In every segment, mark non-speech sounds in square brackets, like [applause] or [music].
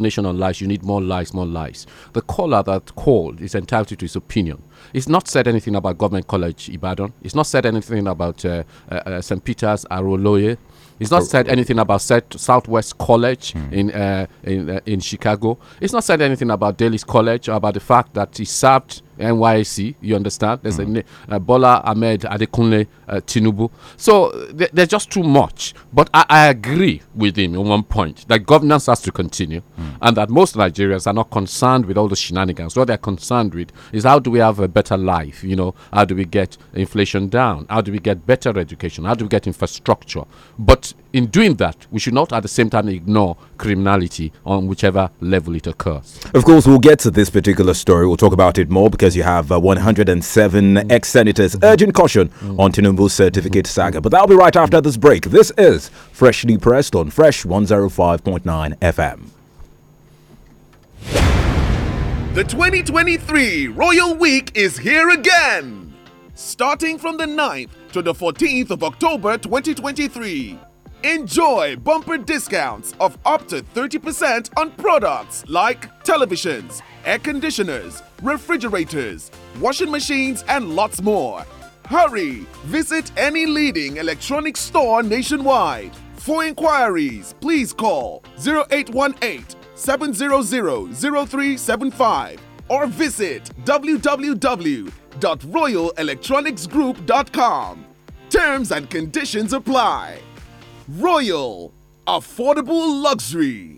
nation on lies. You need more lies, more lies. The caller that called is entitled to his opinion. It's not said anything about Government College Ibadan. It's not said anything about uh, uh, uh St. Peter's Aroloye. It's not oh, said anything about Southwest College mm. in uh, in, uh, in Chicago. It's not said anything about Daley's College or about the fact that he served NYC. You understand? There's mm. a uh, Bola Ahmed Adekunle uh, Tinubu. So th there's just too much. But I, I, agree with him on one point that governance has to continue, mm. and that most Nigerians are not concerned with all the shenanigans. What they're concerned with is how do we have a better life? You know, how do we get inflation down? How do we get better education? How do we get infrastructure? But in doing that, we should not at the same time ignore criminality on whichever level it occurs. Of course, we'll get to this particular story. We'll talk about it more because you have uh, 107 ex senators urging caution mm. on Tinubu's certificate saga. But that'll be right after this break. This is Freshly Pressed on Fresh 105.9 FM. The 2023 Royal Week is here again, starting from the 9th to the 14th of October 2023. Enjoy bumper discounts of up to 30% on products like televisions, air conditioners, refrigerators, washing machines, and lots more. Hurry! Visit any leading electronics store nationwide. For inquiries, please call 0818 700 0375 or visit www.royalelectronicsgroup.com. Terms and conditions apply. Royal Affordable Luxury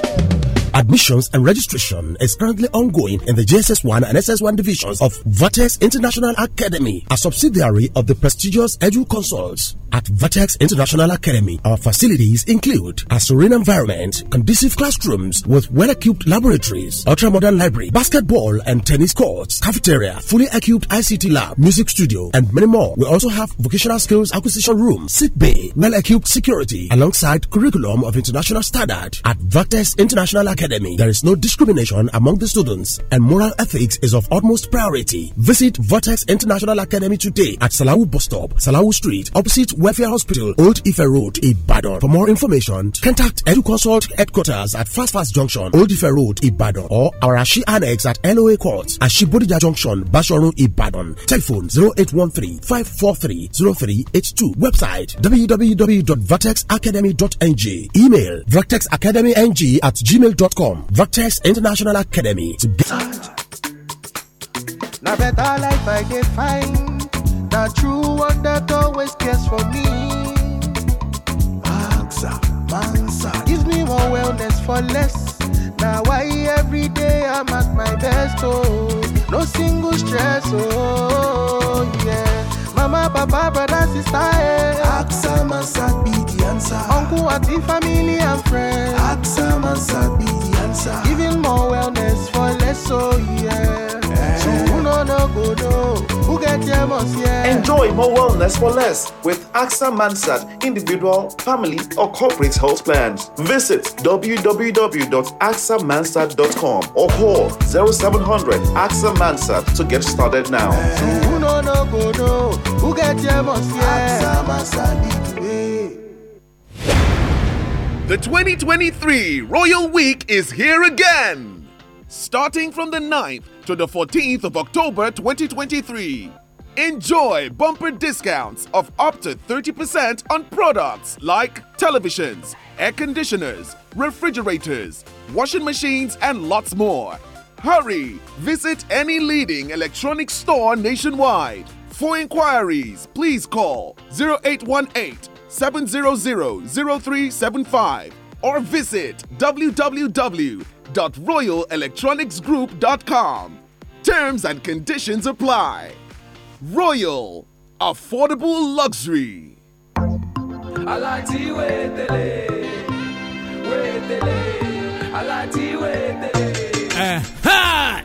Admissions and registration is currently ongoing in the JSS1 and SS1 divisions of Vertex International Academy, a subsidiary of the prestigious Edu Consults. At Vertex International Academy, our facilities include a serene environment, conducive classrooms with well-equipped laboratories, ultra-modern library, basketball and tennis courts, cafeteria, fully equipped ICT lab, music studio, and many more. We also have vocational skills acquisition room, sick bay, well-equipped security, alongside curriculum of international standard. At Vertex International Academy, Academy. There is no discrimination among the students, and moral ethics is of utmost priority. Visit Vortex International Academy today at Salawu Bus Stop, Salawu Street, opposite Welfare Hospital, Old Ife Road, Ibadan. For more information, contact EduConsult headquarters at Fast Fast Junction, Old Ife Road, Ibadan, or our Ashi Annex at LOA Court, Ashibodija Junction, Bashoru, Ibadan. Telephone 0813 543 0382. Website www.vortexacademy.ng. Email vortexacademyng at gmail.com Vertex.com. Vertex International Academy. To get... Now better life I can find. The true one that always cares for me. Gives me more wellness for less. Now why every day I'm at my best, oh. No single stress, oh, yeah. Mama, papa, brother, sister. Eh. Aksam Ansat be the answer. Uncle, auntie, family, and friends. Aksam Ansat be the answer. Giving more wellness for less, so oh, yeah. Eh. So, who no, no, go, no. Enjoy more wellness for less with AXA Mansard individual, family, or corporate health plans. Visit www.axamansard.com or call 0700 AXA Mansard to get started now. The 2023 Royal Week is here again starting from the 9th to the 14th of October 2023. Enjoy bumper discounts of up to 30% on products like televisions, air conditioners, refrigerators, washing machines, and lots more. Hurry! Visit any leading electronics store nationwide. For inquiries, please call 0818 700 0375 or visit www.royalelectronicsgroup.com. Terms and conditions apply. Royal Affordable Luxury. Uh.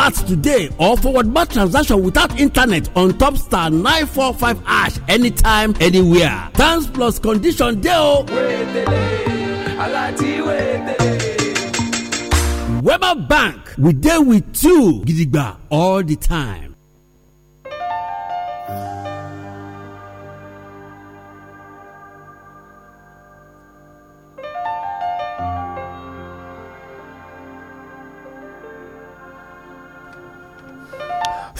alert today or forward bar transaction without internet on top star 945 ash anytime anywhere. Thanks plus condition deo. Weber Bank, we deal with you gidigba all the time.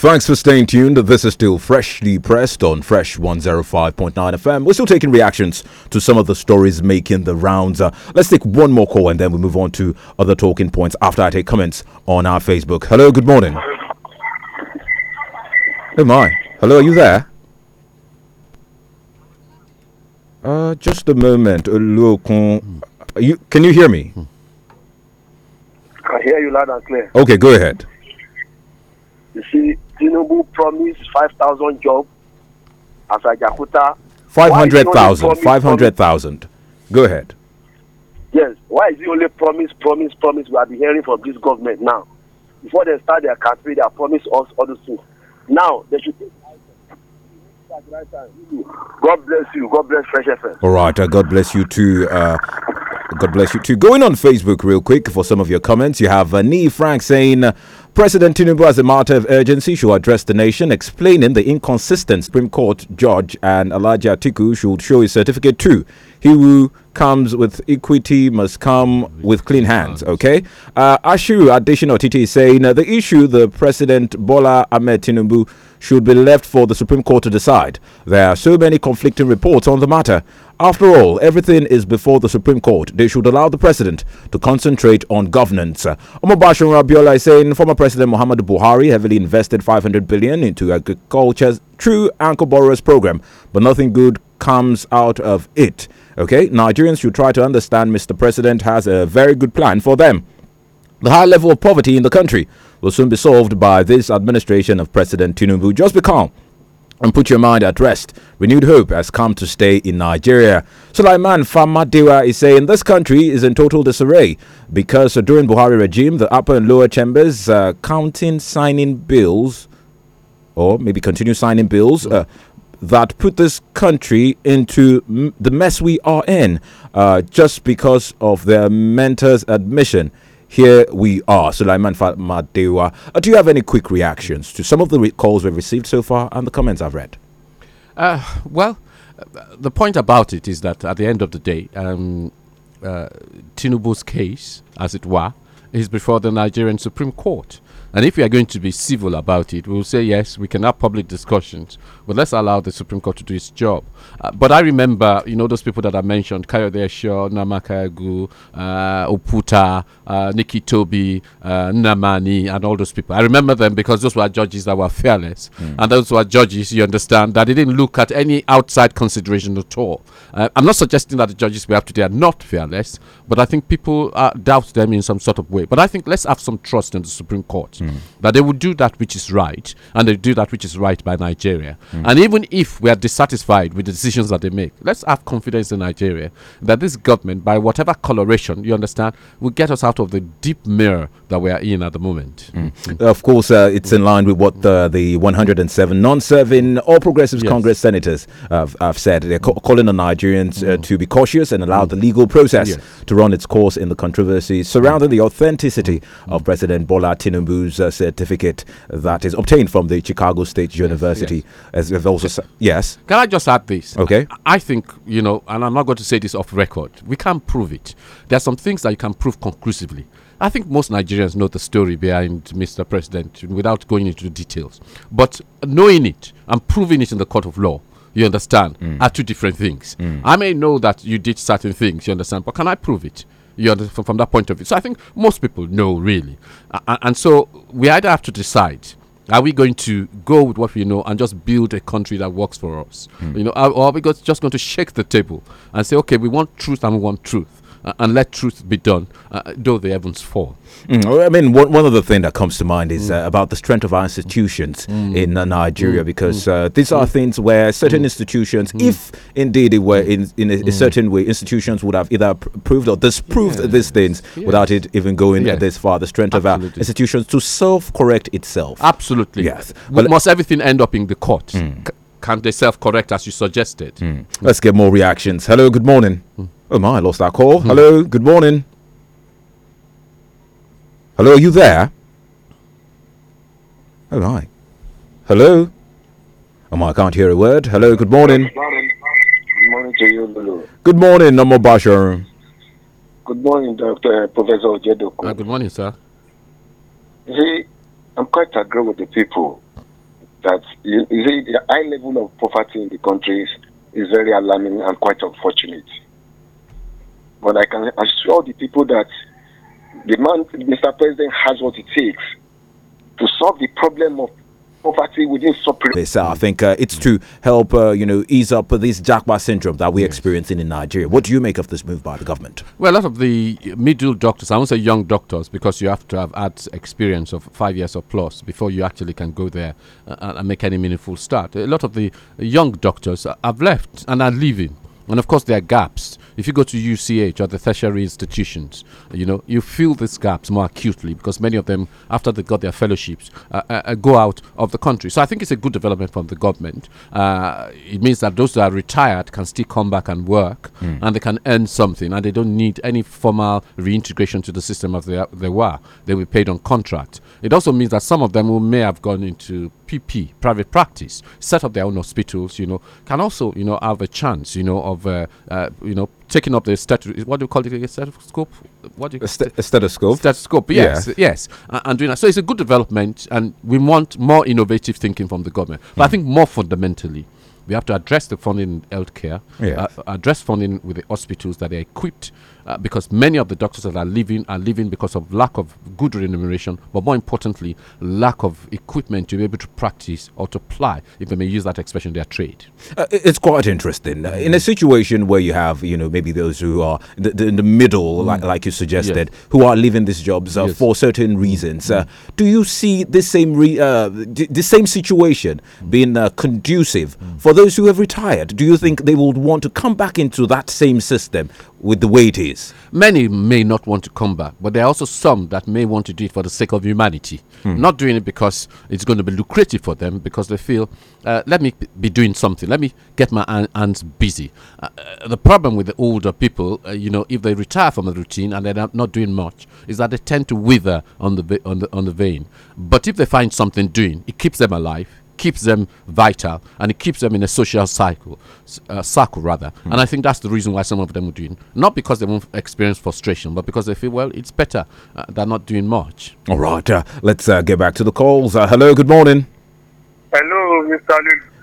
Thanks for staying tuned. This is still freshly pressed on Fresh 105.9 FM. We're still taking reactions to some of the stories making the rounds. Uh, let's take one more call and then we move on to other talking points after I take comments on our Facebook. Hello, good morning. Oh my. Hello, are you there? Uh, just a moment. Uh, you, can you hear me? I hear you loud and clear. Okay, go ahead. You see, Tinubu promised 5,000 jobs as Ajakuta. 500,000. 500,000. Go ahead. Yes. Why is he only promise, promise, promise? We are hearing from this government now. Before they start their campaign, they promise us all the things. Now, they should take God bless you. God bless Fresh FM. All right. Uh, God bless you too. Uh, God bless you too. Going on Facebook real quick for some of your comments. You have uh, Nee Frank saying. Uh, President Tinubu, as a matter of urgency, should address the nation, explaining the inconsistent Supreme Court judge and Alaja Tiku should show his certificate too. He who comes with equity must come with clean hands. Okay. Uh, Ashu Additional TT is saying uh, the issue the President Bola Ahmed Tinubu should be left for the Supreme Court to decide. There are so many conflicting reports on the matter. After all, everything is before the Supreme Court. They should allow the president to concentrate on governance. Omobashir Rabiola is saying former President Muhammad Buhari heavily invested 500 billion into agriculture's true anchor borrowers program, but nothing good comes out of it. Okay, Nigerians should try to understand Mr. President has a very good plan for them. The high level of poverty in the country will soon be solved by this administration of President Tinubu. Just be calm and put your mind at rest. Renewed hope has come to stay in Nigeria. Sulaiman Famadewa is saying this country is in total disarray because during Buhari regime, the upper and lower chambers uh, counting signing bills, or maybe continue signing bills, uh, that put this country into the mess we are in uh, just because of their mentor's admission here we are. Sulaiman Fatmadewa, uh, do you have any quick reactions to some of the calls we've received so far and the comments I've read? Uh, well, the point about it is that at the end of the day, um, uh, Tinubu's case, as it were, is before the Nigerian Supreme Court. And if we are going to be civil about it, we'll say, yes, we can have public discussions but let's allow the Supreme Court to do its job. Uh, but I remember, you know, those people that I mentioned Kayode Esho, Namakayagu, uh, Oputa, uh, Nikki Toby, uh, Namani, and all those people. I remember them because those were judges that were fearless. Mm. And those were judges, you understand, that didn't look at any outside consideration at all. Uh, I'm not suggesting that the judges we have today are not fearless, but I think people uh, doubt them in some sort of way. But I think let's have some trust in the Supreme Court mm. that they will do that which is right, and they do that which is right by Nigeria. Mm. Mm. And even if we are dissatisfied with the decisions that they make, let's have confidence in Nigeria that this government, by whatever coloration, you understand, will get us out of the deep mirror that we are in at the moment. Mm. mm. Of course, uh, it's in line with what uh, the, the 107 non serving All Progressives yes. Congress senators have, have said. They're ca calling on Nigerians uh, mm. to be cautious and allow the legal process yes. to run its course in the controversy surrounding the authenticity mm. of President Bola Tinubu's uh, certificate that is obtained from the Chicago State University. Yes, As we've also yes. Can I just add this? Okay. I, I think, you know, and I'm not going to say this off record, we can't prove it. There are some things that you can prove conclusively. I think most Nigerians know the story behind Mr. President without going into details. But knowing it and proving it in the court of law, you understand, mm. are two different things. Mm. I may know that you did certain things, you understand, but can I prove it? You understand from that point of view. So I think most people know really, uh, and so we either have to decide. Are we going to go with what we know and just build a country that works for us? Mm. You know, are, or are we just going to shake the table and say, okay, we want truth and we want truth? uh, and let truth be done, uh, though the heavens fall. Mm. I mean, one, one other thing that comes to mind is mm. uh, about the strength of our institutions mm. mm. in uh, Nigeria, mm. because mm. Uh, these are things where certain institutions, if indeed they were in, in a, a certain way, institutions would have either proved or disproved yes. these things yes. without it even going yes. this far. The strength Absolutely. of our institutions to self correct itself. Absolutely. Yes. But must everything end up in the court? Can't they self correct as you suggested? Mm. Let's get more reactions. Hello, good morning. Mm. Oh my, I lost that call. Mm. Hello, good morning. Hello, are you there? Oh my. Hello? Oh my, I can't hear a word. Hello, good morning. Good morning. Good morning to you, Lulu. Good morning, Nomo Bashar. Good morning, Dr. Professor Ojedoko. Uh, ah, good morning, sir. You see, I'm quite agree with the people that you, you see, the high level of poverty in the country is very alarming and quite unfortunate. But I can assure the people that the man, Mr. President, has what it takes to solve the problem of poverty within I think uh, it's to help, uh, you know, ease up this Jakba syndrome that we're yes. experiencing in Nigeria. What do you make of this move by the government? Well, a lot of the middle doctors, I won't say young doctors, because you have to have had experience of five years or plus before you actually can go there uh, and make any meaningful start. A lot of the young doctors have left and are leaving and of course, there are gaps. If you go to UCH or the tertiary institutions, you know, you feel these gaps more acutely because many of them, after they got their fellowships, uh, uh, uh, go out of the country. So I think it's a good development from the government. Uh, it means that those that are retired can still come back and work mm. and they can earn something and they don't need any formal reintegration to the system as they, they were. They were paid on contract. It also means that some of them who may have gone into PP, private practice, set up their own hospitals, you know, can also, you know, have a chance, you know, of of uh, uh, you know taking up the statu- what do you call it again? Stethoscope. What do you a, st- a stethoscope? Stethoscope. Yes, yeah. yes, and, and doing that. So it's a good development, and we want more innovative thinking from the government. But mm. I hmm. think more fundamentally, we have to address the funding in healthcare, yes. uh, address funding with the hospitals that are equipped uh, because many of the doctors that are leaving are leaving because of lack of good remuneration, but more importantly, lack of equipment to be able to practice or to apply, if I may use that expression, their trade. Uh, it's quite interesting. Uh, in a situation where you have, you know, maybe those who are in the middle, mm. like, like you suggested, yes. who are leaving these jobs uh, yes. for certain reasons, uh, mm. do you see this same uh, the same situation mm. being conducive mm. for those who have retired? Do you think they would want to come back into that same system with the way it is. Many may not want to come back, but there are also some that may want to do it for the sake of humanity, hmm. not doing it because it's going to be lucrative for them, because they feel, uh, let me be doing something, let me get my hands busy. Uh, uh, the problem with the older people, uh, you know, if they retire from the routine and they're not doing much, is that they tend to wither on the on the on the vein. But if they find something doing, it keeps them alive keeps them vital and it keeps them in a social cycle, uh, circle rather. Mm. And I think that's the reason why some of them are doing not because they won't experience frustration, but because they feel well, it's better. Uh, they're not doing much. All right, uh, let's uh, get back to the calls. Uh, hello, good morning. Hello, Mr.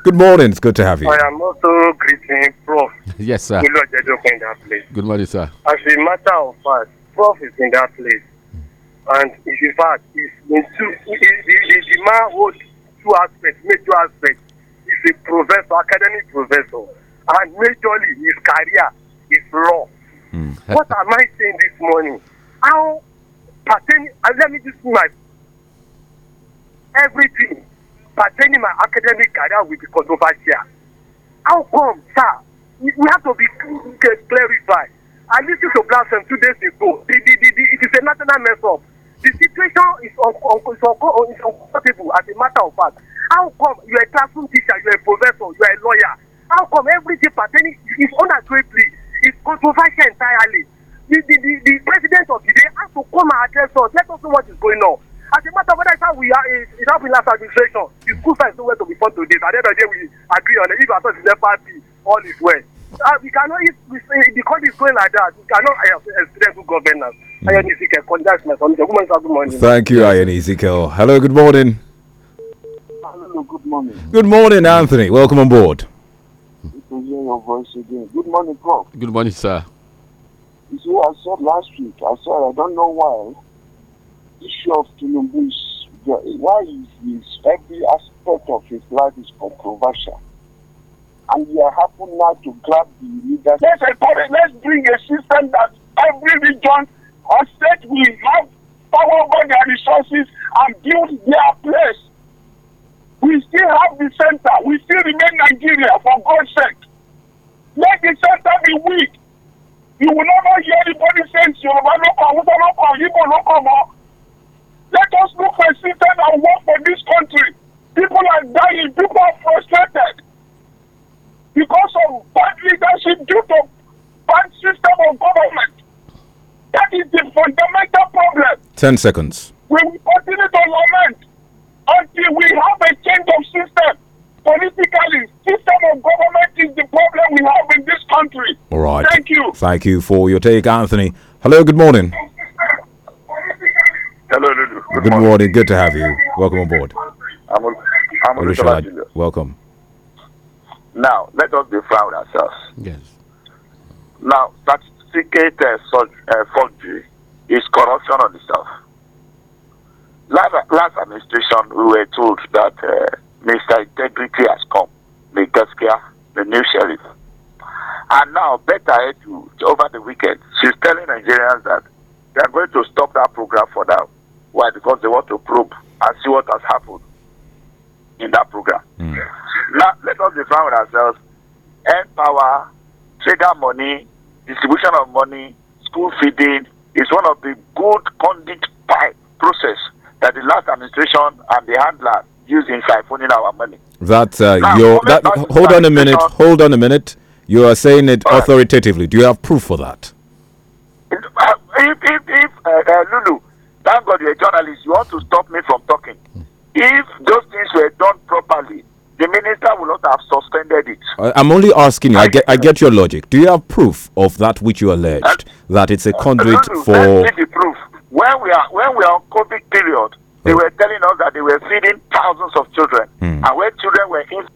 Good morning. It's good to have you. I am also greeting Prof. [laughs] yes, sir. Good Lord, in that place. Good morning, sir. As a matter of fact, Prof is in that place, hmm. and in fact, he's in two. He, the man who two aspects, major aspects. He's a professor, academic professor, and majorly his career is law. Mm. what am I saying this morning? How pertaining, uh, let me just my everything pertaining my academic career will be controversial. How come, sir? We have to be clarified. I listened to Blasphemy two days ago. it is a national mess up. The situation is, uncomfortable as a matter of fact. How come you are a classroom teacher, you are a professor, you are a lawyer? How come every pertaining is unagreeably, is controversial entirely? The, the, the, the president of the day has to come and address us. Let us know what is going on. As a matter of fact, we are in it happened last administration. The school side is nowhere to be fun to this. At the end of the day, we agree on it. If our son is FRP, all is well. Uh, we cannot, if we say, because it's going like that, we cannot have uh, a good governance. Thank you, Ian Ezekiel. Hello, good morning. Hello, good morning. Good morning, Anthony. Welcome on board. Good your voice again. Good morning, Prof. Good morning, sir. You see, I said last week, I said I don't know why issue of Tinubu is why is every aspect of his life is controversial. And we are happy now to grab the leaders. Let's, let's bring a system that every region or we have power over their resources and build their place. We still have the center. We still remain Nigeria, for God's sake. Let the center be weak. You will never hear anybody saying Yoruba local, Uta local, Igbo local more. Let us look for a system and work for this country. People are dying. People are frustrated because of bad leadership due to bad system of government. That is the fundamental problem. 10 seconds. We will continue to lament until we have a change of system. Politically, system of government is the problem we have in this country. All right. Thank you. Thank you for your take, Anthony. Hello, good morning. Hello, Lulu. Good, good morning. morning. Good to have you. Welcome aboard. I'm, a, I'm Welcome. Now, let us be proud ourselves. Yes. Now, start secret uh, forgery is corruption on itself. Last, last administration, we were told that uh, Mr. Integrity has come, Mr. Gaskia, the new sheriff. And now, Better Edu, over the weekend, she's telling Nigerians that they are going to stop that program for now. Why? Because they want to probe and see what has happened in that program. Mm. Now, let us define ourselves. Empower, trigger money, distribution of money, school feeding is one of the good conduct process that the last administration and the handler used in siphoning our money. That uh, now, your that hold on a minute, hold on a minute. You are saying it authoritatively. Do you have proof for that? If, if, if uh, uh, Lulu, thank God you're a journalist. You want to stop me from talking. Hmm. If those things were done properly, the minister will not have suspended it. I, am only asking you. I get, I get your logic. Do you have proof of that which you alleged uh, that it's a conduit uh, for? see the proof. When we are when we are on COVID period, they oh. were telling us that they were feeding thousands of children, mm. and when children were in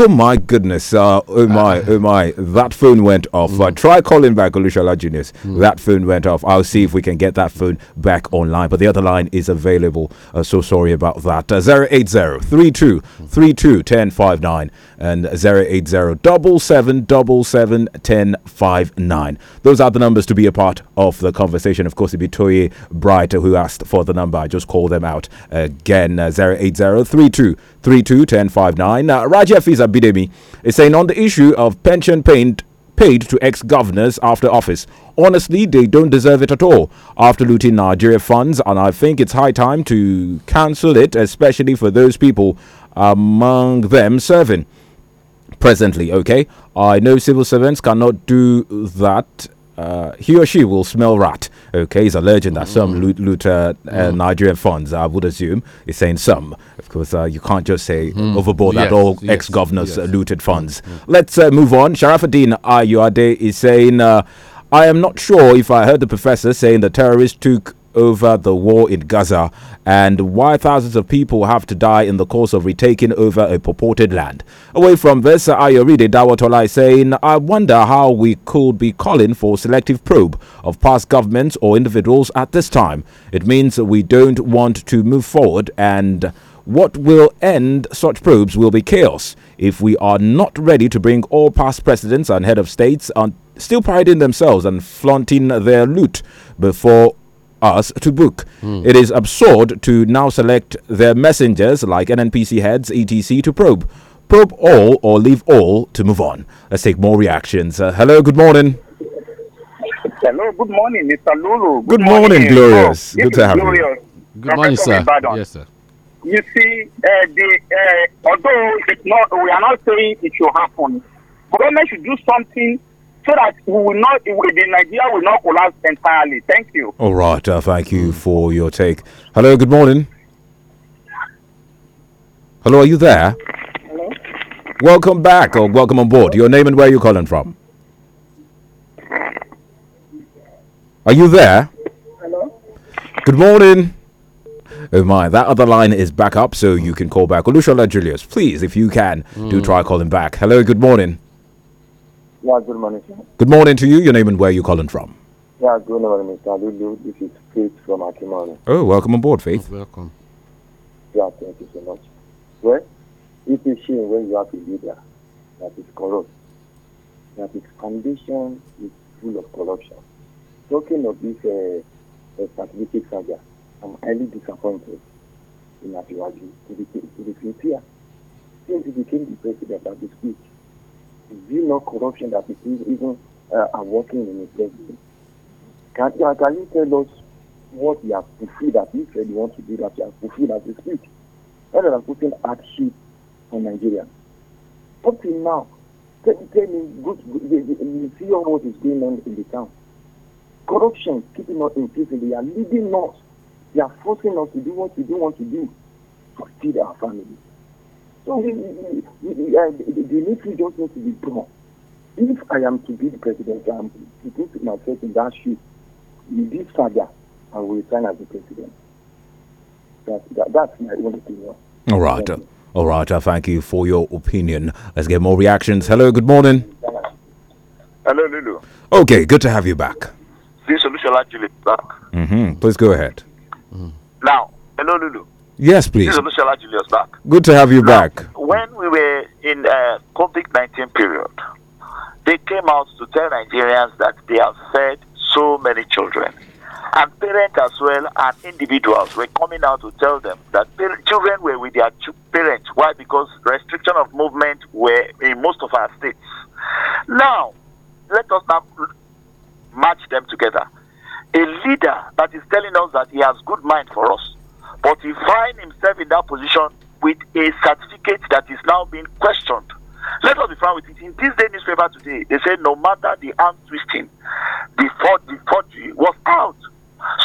Oh my goodness. Uh, oh uh, my, oh my. That phone went off. Mm. Uh, try calling back Olushala Junius. Mm. That phone went off. I'll see if we can get that phone back online. But the other line is available. Uh, so sorry about that. Uh, 080 32 32 1059 and 80 777 Those are the numbers to be a part of the conversation. Of course, it'd be Toye Bright who asked for the number. I just call them out again. Uh, 080-3232-1059. Uh, Rajafiz is saying on the issue of pension paid paid to ex-governors after office. Honestly, they don't deserve it at all after looting Nigeria funds, and I think it's high time to cancel it, especially for those people among them serving presently, okay? I know civil servants cannot do that. Uh, he or she will smell rat. Okay, he's alleging that mm. some loot, loot uh, mm. Nigerian funds, I would assume, is saying some. Of course, uh, you can't just say mm. overboard yes, that all yes, ex governors yes. Uh, looted funds. Mm, mm. Let's uh, move on. Sharafuddin Ayuade is saying, uh, I am not sure if I heard the professor saying the terrorists took over the war in Gaza and why thousands of people have to die in the course of retaking over a purported land. Away from this, Ayoride Dawatola is saying, I wonder how we could be calling for selective probe of past governments or individuals at this time. It means we don't want to move forward and what will end such probes will be chaos if we are not ready to bring all past presidents and head of states on still priding themselves and flaunting their loot before us to book. Mm. It is absurd to now select their messengers like NNPC heads, etc., to probe. Probe all or leave all to move on. Let's take more reactions. Uh, hello, good morning. Hello, good morning, Mr. Lulu. Good, good morning, morning, Glorious. Oh, good to have glorious. you. Good morning, sir. Yes, sir. You see, uh, the, uh, although it's not, we are not saying it should happen, government should do something so that we will not, the Nigeria will not collapse entirely. Thank you. All right. Uh, thank you for your take. Hello. Good morning. Hello. Are you there? Hello. Welcome back or welcome on board. Your name and where you're calling from. Are you there? Hello. Good morning. Oh my, that other line is back up, so you can call back. Olushola Julius, please, if you can, mm. do try calling back. Hello, good morning. Yeah, good morning, sir. Good morning to you. Your name and where you calling from? Yeah, good morning, Mr. Lulu. This is Faith from Akimani. Oh, welcome on board, Faith. Oh, welcome. Yeah, thank you so much. Well, it's a shame when you have a leader that is corrupt, that his foundation is full of corruption. Talking of this uh, uh, strategic saga, I'm highly disappointed in Akiwaji to be, to be here Since he became the president of this week, do you know corruption that it is even uh, are working in the Can, can you tell us what you have fulfilled that you said you want to do that you have fulfilled as a speak? Rather than putting hardship on Nigeria. Up till now, tell, tell me, good, you see all what is going on in the town. Corruption keeping us increasing. They are leading us. They are forcing us to do what we don't want to do to feed our families. So we, we, uh, the military just needs to be gone. If I am to be the president, I am to put myself in that shoe. in this saga, I will resign as the president. That, that, that's my only thing. All right. All right. thank you for your opinion. Let's get more reactions. Hello. Good morning. Hello, Lulu. Okay. Good to have you back. This solution actually back. Mm-hmm. Please go ahead. Mm. Now, hello, Lulu. Yes, please. This is Julius back. Good to have you now, back. When we were in the COVID 19 period, they came out to tell Nigerians that they have fed so many children. And parents as well and individuals were coming out to tell them that children were with their parents. Why? Because restriction of movement were in most of our states. Now, let us now match them together. A leader that is telling us that he has good mind for us but he find himself in that position with a certificate that is now being questioned. Let us be frank with it. In this day newspaper today, they say no matter the arm twisting, the forgery was out.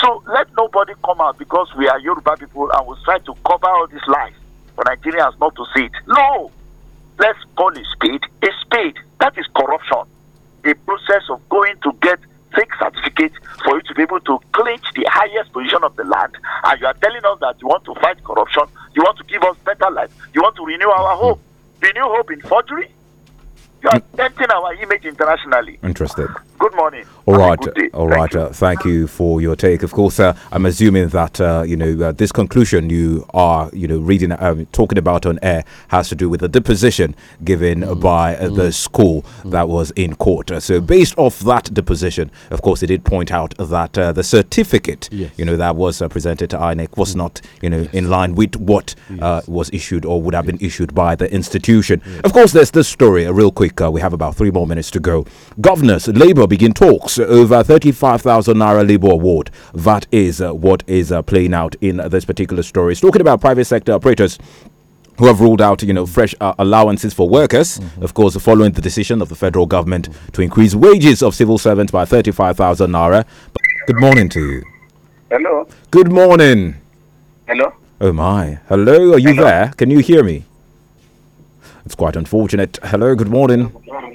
So let nobody come out because we are Yoruba people and we try to cover all these lies for Nigerians not to see it. No! Let's call a spade a spade. That is corruption. The process of going to get fake certificate for you to be able to clinch the highest position of the land. And you are telling us that you want to fight corruption, you want to give us better life, you want to renew our hope, renew hope in forgery. You are denting mm. our image internationally. Interested. Good morning. All right, uh, all right. Thank, uh, you. thank, you. for your take. Of course, uh, I'm assuming that uh, you know uh, this conclusion you are you know reading um, talking about on air has to do with the deposition given mm. by mm. the school mm. that was in court. Uh, so, based off that deposition, of course, it did point out that the certificate yes. you know that was presented to INEC was mm. not you know yes. in line with what yes. was issued or would have been issued by the institution. Of course, there's this story. real quick, we have about three more minutes to go. Governors, Labour begin talks over 35,000 Naira Labour Award. That is uh, what is uh, playing out in this particular story. It's talking about private sector operators who have ruled out, you know, fresh uh, allowances for workers. Mm -hmm. Of course, following the decision of the federal government mm -hmm. to increase wages of civil servants by 35,000 naira. Good morning to you. Hello. Good morning. Hello. Oh my. Hello. Are you Hello. there? Can you hear me? It's quite unfortunate. Hello. Good morning. Good morning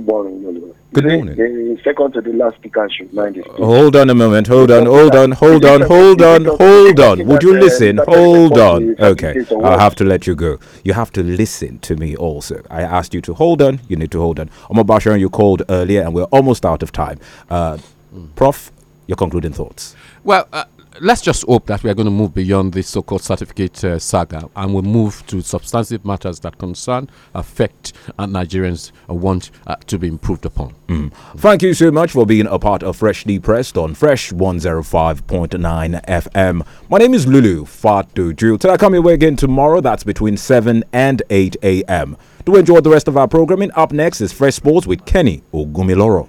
good morning, Good morning. second to the last speaker should mind his Hold on a moment. Hold on. Hold on. Hold on. Hold on. Hold on. Would you listen? Hold on. Okay. I'll have to let you go. You have to listen to me also. I asked you to hold on. You need to hold on. to Basharan, you called earlier, and we're almost out of time. Uh, Prof, your concluding thoughts. Well. Uh, let's just hope that we are going to move beyond the so-called certificate uh, saga and we will move to substantive matters that concern, affect, and Nigerians uh, want uh, to be improved upon. Mm. Thank you so much for being a part of Freshly Pressed on Fresh 105.9 FM. My name is Lulu Fatuju. Till I come your way again tomorrow, that's between 7 and 8 a.m. Do enjoy the rest of our programming. Up next is Fresh Sports with Kenny Ogumiloro.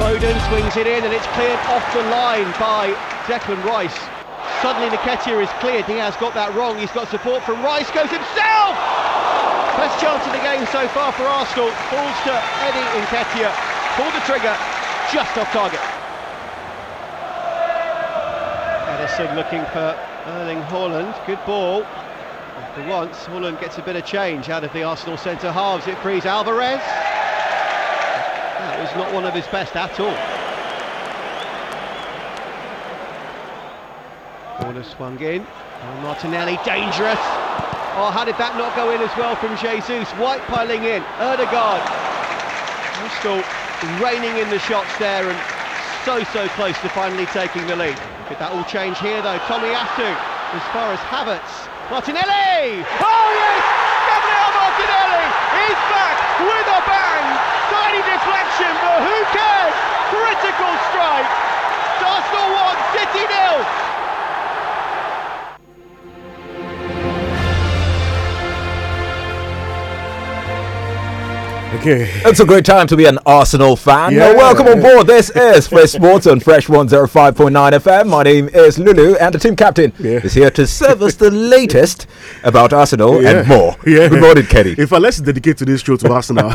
Bowden swings it in and it's cleared off the line by Declan Rice. Suddenly Nketiah is cleared, he has got that wrong, he's got support from Rice, goes himself! Best chance of the game so far for Arsenal, falls to Eddie Nketiah, Pull the trigger, just off target. Edison looking for Erling Haaland, good ball. for once, Haaland gets a bit of change out of the Arsenal centre halves, it frees Alvarez not one of his best at all. Corner swung in. Oh, Martinelli, dangerous. Oh, how did that not go in as well from Jesus? White piling in. Erdegaard. Still raining in the shots there and so, so close to finally taking the lead. But that all change here, though? Tommy Asu as far as Havertz. Martinelli! Oh, yes! Gabriel Martinelli is back with a bang! tiny deflection, but who cares? Critical strike. Arsenal 1, City nil. Okay. It's a great time to be an Arsenal fan. Yeah. Welcome on board. This is Fresh Sports on Fresh 105.9 FM. My name is Lulu, and the team captain yeah. is here to serve us the latest about Arsenal yeah. and more. Yeah. Good morning, Kenny. If I let's dedicate today's show to Arsenal.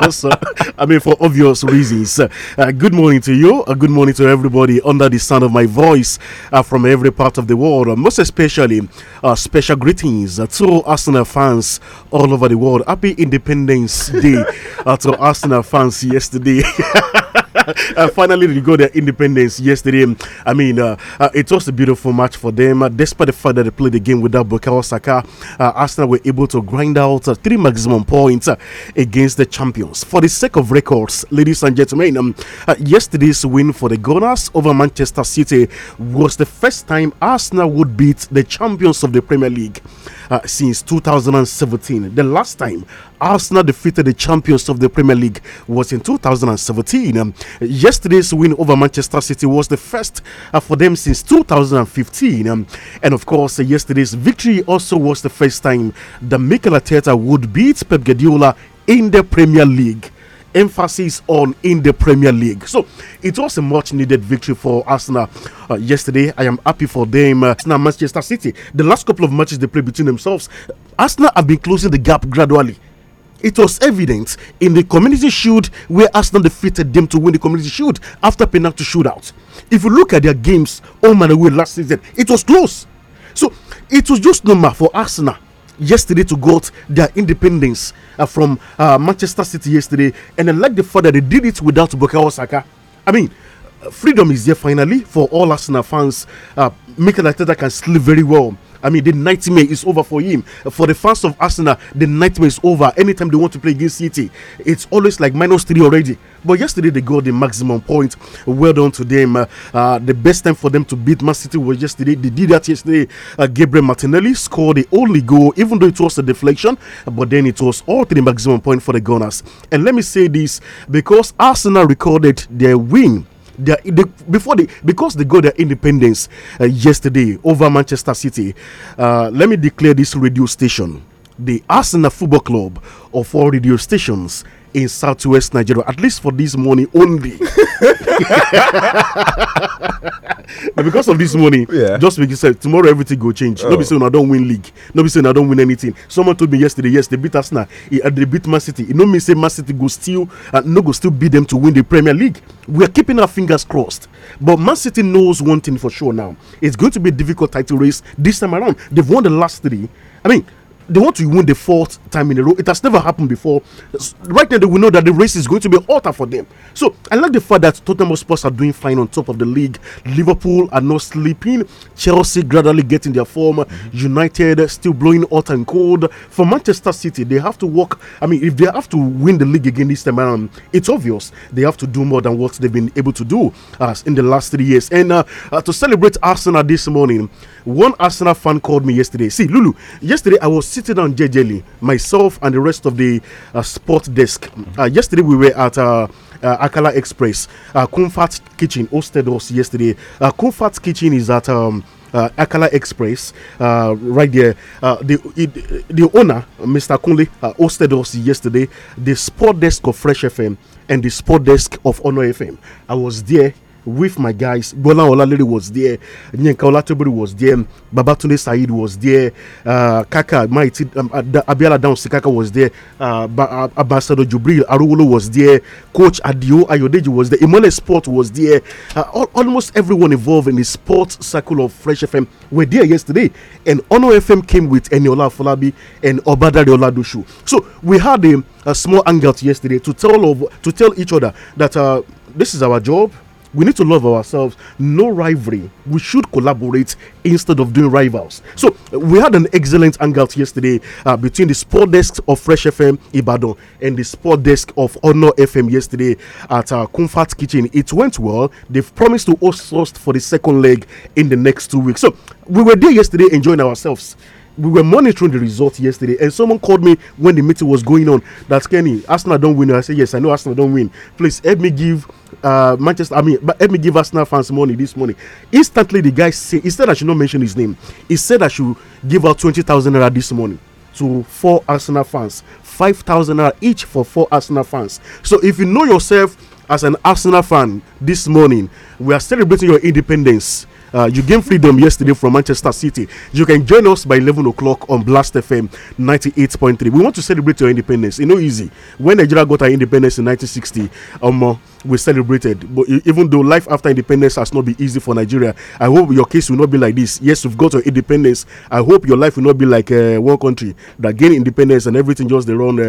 also, [laughs] uh, I mean, for obvious reasons. Uh, good morning to you. Uh, good morning to everybody under the sound of my voice uh, from every part of the world. Uh, most especially, uh, special greetings uh, to Arsenal fans all over the world. Happy Independence Day away [laughs] to Arsenal fans yesterday. uh, [laughs] finally, they got their independence yesterday. I mean, uh, uh, it was a beautiful match for them. Uh, despite the fact that they played the game without Bukayo Saka, uh, Arsenal were able to grind out uh, three maximum points against the champions. For the sake of records, ladies and gentlemen, um, yesterday's win for the Gunners over Manchester City was the first time Arsenal would beat the champions of the Premier League uh, since 2017. The last time Arsenal defeated the champions of the Premier League was in 2017. Um, yesterday's win over Manchester City was the first uh, for them since 2015. Um, and of course, uh, yesterday's victory also was the first time that Mikel Arteta would beat Pep Guardiola in the Premier League emphasis on in the Premier League. So it was a much needed victory for Arsenal uh, yesterday. I am happy for them. Uh, Arsenal, Manchester City, the last couple of matches they played between themselves, Arsenal have been closing the gap gradually. It was evident in the community shield where Arsenal defeated them to win the community shield after penalty shootout. If you look at their games all and away last season, it was close. So it was just normal for Arsenal yesterday to got their independence uh, from uh, Manchester City yesterday. And I like the fact that they did it without Bukayo Saka. I mean, freedom is there finally for all Arsenal fans. Uh, Mikel Arteta can sleep very well I mean, the nightmare is over for him. For the fans of Arsenal, the nightmare is over. Anytime they want to play against City, it's always like minus three already. But yesterday they got the maximum point. Well done to them. Uh, uh, the best time for them to beat Man City was yesterday. They did that yesterday. Uh, Gabriel Martinelli scored the only goal, even though it was a deflection. But then it was all to the maximum point for the Gunners. And let me say this because Arsenal recorded their win they, they before they because they got their independence uh, yesterday over Manchester City. Uh, let me declare this radio station, the Arsenal Football Club of all radio stations in southwest Nigeria, at least for this money only. [laughs] because of this money, yeah. just because said, tomorrow everything go change. Oh. Nobody saying I don't win league. Nobody saying I don't win anything. Someone told me yesterday, yes, they beat He uh, they beat Man City. You know me say Man City go still and uh, no go still beat them to win the Premier League. We are keeping our fingers crossed. But Man City knows one thing for sure now. It's going to be a difficult title race this time around. They've won the last three. I mean, they want to win the fourth time in a row. It has never happened before. Right now, they will know that the race is going to be hotter for them. So I like the fact that Tottenham Sports are doing fine on top of the league. Liverpool are not sleeping. Chelsea gradually getting their form. Mm-hmm. United still blowing hot and cold. For Manchester City, they have to work. I mean, if they have to win the league again this time around, it's obvious they have to do more than what they've been able to do as in the last three years. And uh, uh, to celebrate Arsenal this morning, one Arsenal fan called me yesterday. See, Lulu, yesterday I was sitting down jejely, myself and the rest of the uh, sport desk. Uh, yesterday we were at uh, uh, Akala Express. Uh, Comfort Kitchen hosted us yesterday. Uh, Comfort Kitchen is at um, uh, Akala Express, uh, right there. the it, the owner, Mr. Kunle, hosted us yesterday. The sport desk of Fresh FM and the sport desk of Honor FM. I was there with my guys. Bola Olalere was there, Nyenka Olatobori was there, Babatunde Said was there, uh, Kaka Mighty um, uh, Abiala Downs was there, uh, ba uh, Ambassador Jubril Aruwolo was there, Coach Adio Ayodeji was there, Imole Sport was there. Uh, all, almost everyone involved in the sports circle of Fresh FM were there yesterday, and Ono FM came with Eniola Folabi and Obadari Oladushu. So we had a, a small angle yesterday to tell of to tell each other that uh, this is our job we need to love ourselves. No rivalry. We should collaborate instead of doing rivals. So we had an excellent hangout yesterday uh, between the sport desk of Fresh FM Ibadan and the sport desk of Honor FM yesterday at our uh, Comfort Kitchen. It went well. They've promised to host us for the second leg in the next two weeks. So we were there yesterday enjoying ourselves we were monitoring the results yesterday, and someone called me when the meeting was going on that Kenny Arsenal don't win. I said, Yes, I know Arsenal don't win. Please help me give uh, Manchester, I mean, but let me give Arsenal fans money this morning. Instantly, the guy said, instead I should not mention his name, he said I should give out 20,000 naira this morning to four Arsenal fans, 5,000 naira each for four Arsenal fans. So if you know yourself as an Arsenal fan this morning, we are celebrating your independence. Uh, you gained freedom yesterday from Manchester City. You can join us by 11 o'clock on Blast FM 98.3. We want to celebrate your independence. You know, easy. When Nigeria got our independence in 1960, um, we celebrated. But even though life after independence has not been easy for Nigeria, I hope your case will not be like this. Yes, you've got your independence. I hope your life will not be like uh, one country that gained independence and everything just the uh, wrong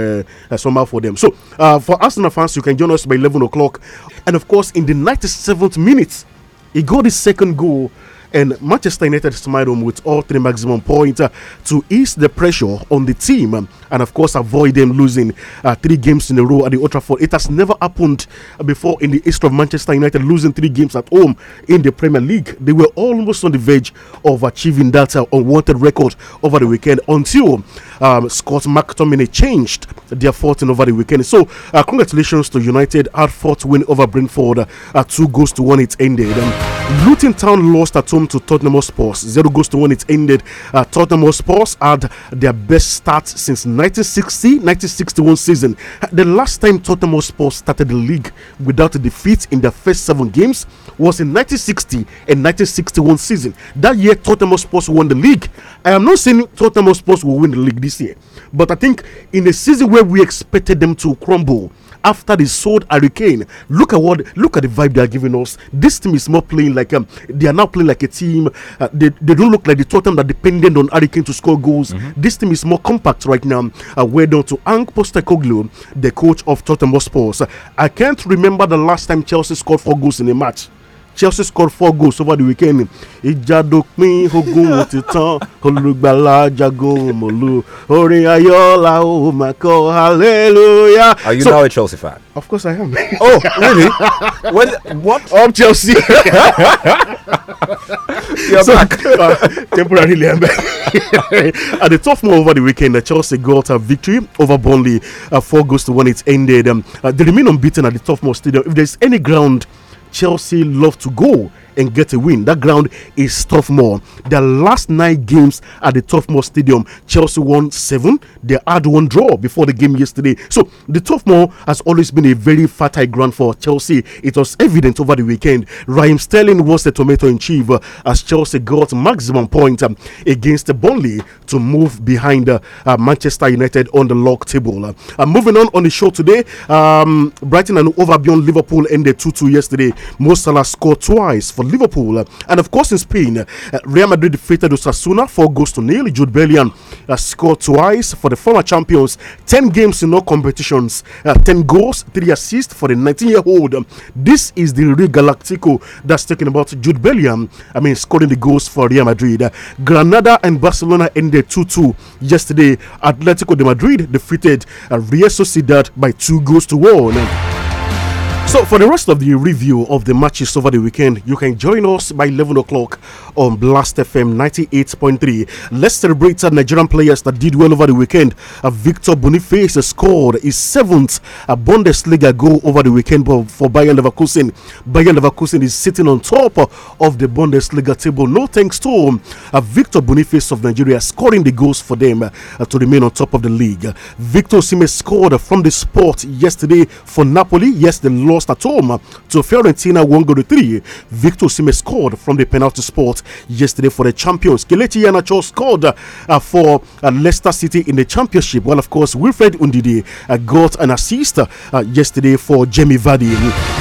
uh, somehow for them. So, uh, for Arsenal fans, you can join us by 11 o'clock. And of course, in the 97th minute, he got his second goal, and Manchester United smiled him with all three maximum points to ease the pressure on the team and of course avoid them losing uh, three games in a row at the ultra Four. It has never happened before in the history of Manchester United losing three games at home in the Premier League. They were almost on the verge of achieving that uh, unwanted record over the weekend until um, Scott McTominay changed their fortune over the weekend. So uh, congratulations to United hard fought win over Brentford uh, two goals to one. It ended. Um, Luton Town lost at home to Tottenham Sports, zero goals to one. It ended. Uh, Tottenham Sports had their best start since 1960 1961 season. The last time Tottenham Hotspur started the league without a defeat in their first seven games was in 1960 and 1961 season. That year, Tottenham Hotspur won the league. I am not saying Tottenham Hotspur will win the league this year, but I think in a season where we expected them to crumble after they sold Hurricane. Look at what, look at the vibe they are giving us. This team is not playing like um, they are now playing like a team. Uh, they, they don't look like the Tottenham that depended on Hurricane to score goals. Mm -hmm. This team is more compact right now. Uh, well down to Ank Postecoglou, the coach of Tottenham Sports. I can't remember the last time Chelsea scored four goals in a match. Chelsea scored four goals over the weekend. Ìjàdópin ogun ò ti tán olùgbàlà jagun mòlú orin ayọ́lá ò mà kọ́ hallelujah. Are you so, now a Chelsea fan? Of course I am. oh [laughs] really? when, what? I'm Chelsea. [laughs] You're so, back. uh, temporarily I'm back. [laughs] At the tough move over the weekend, uh, Chelsea got a victory over Burnley. Uh, four goals to one. It ended. Um, uh, they remain unbeaten at the tough move stadium. If there's any ground Chelsea love to go and get a win. That ground is Toughmore. The last nine games at the Toughmore Stadium, Chelsea won seven. They had one draw before the game yesterday. So the Toughmore has always been a very fertile ground for Chelsea. It was evident over the weekend. Raheem Sterling was the tomato in chief uh, as Chelsea got maximum point um, against the Burnley to move behind uh, uh, Manchester United on the lock table. Uh, moving on on the show today, um, Brighton and over beyond Liverpool ended 2 2 yesterday. Mo Salah scored twice for for Liverpool. and of course, in Spain, uh, Real Madrid defeated Osasuna four goals to nil. Jude Bellion uh, scored twice for the former champions. Ten games in all competitions, uh, ten goals, three assists for the 19-year-old. This is the Real Galactico that's talking about Jude Bellion. I mean, scoring the goals for Real Madrid. Granada and Barcelona ended 2 2 yesterday. Atletico de Madrid defeated Real Sociedad by two goals to one. So, for the rest of the review of the matches over the weekend, you can join us by 11 o'clock on Blast FM 98.3. Let's celebrate the Nigerian players that did well over the weekend. Uh, Victor Boniface scored his seventh uh, Bundesliga goal over the weekend for Bayern Leverkusen. Bayern Leverkusen is sitting on top uh, of the Bundesliga table. No thanks to uh, Victor Boniface of Nigeria scoring the goals for them uh, uh, to remain on top of the league. Victor Sime scored from the spot yesterday for Napoli. Yes, they lost lost at home to Fiorentina 1 goal 3. Victor Sime scored from the penalty spot yesterday for the champions. Kelechi Iheanacho scored uh, for uh, Leicester City in the championship. Well, of course, Wilfred Undidi uh, got an assist uh, yesterday for Jamie Vardy.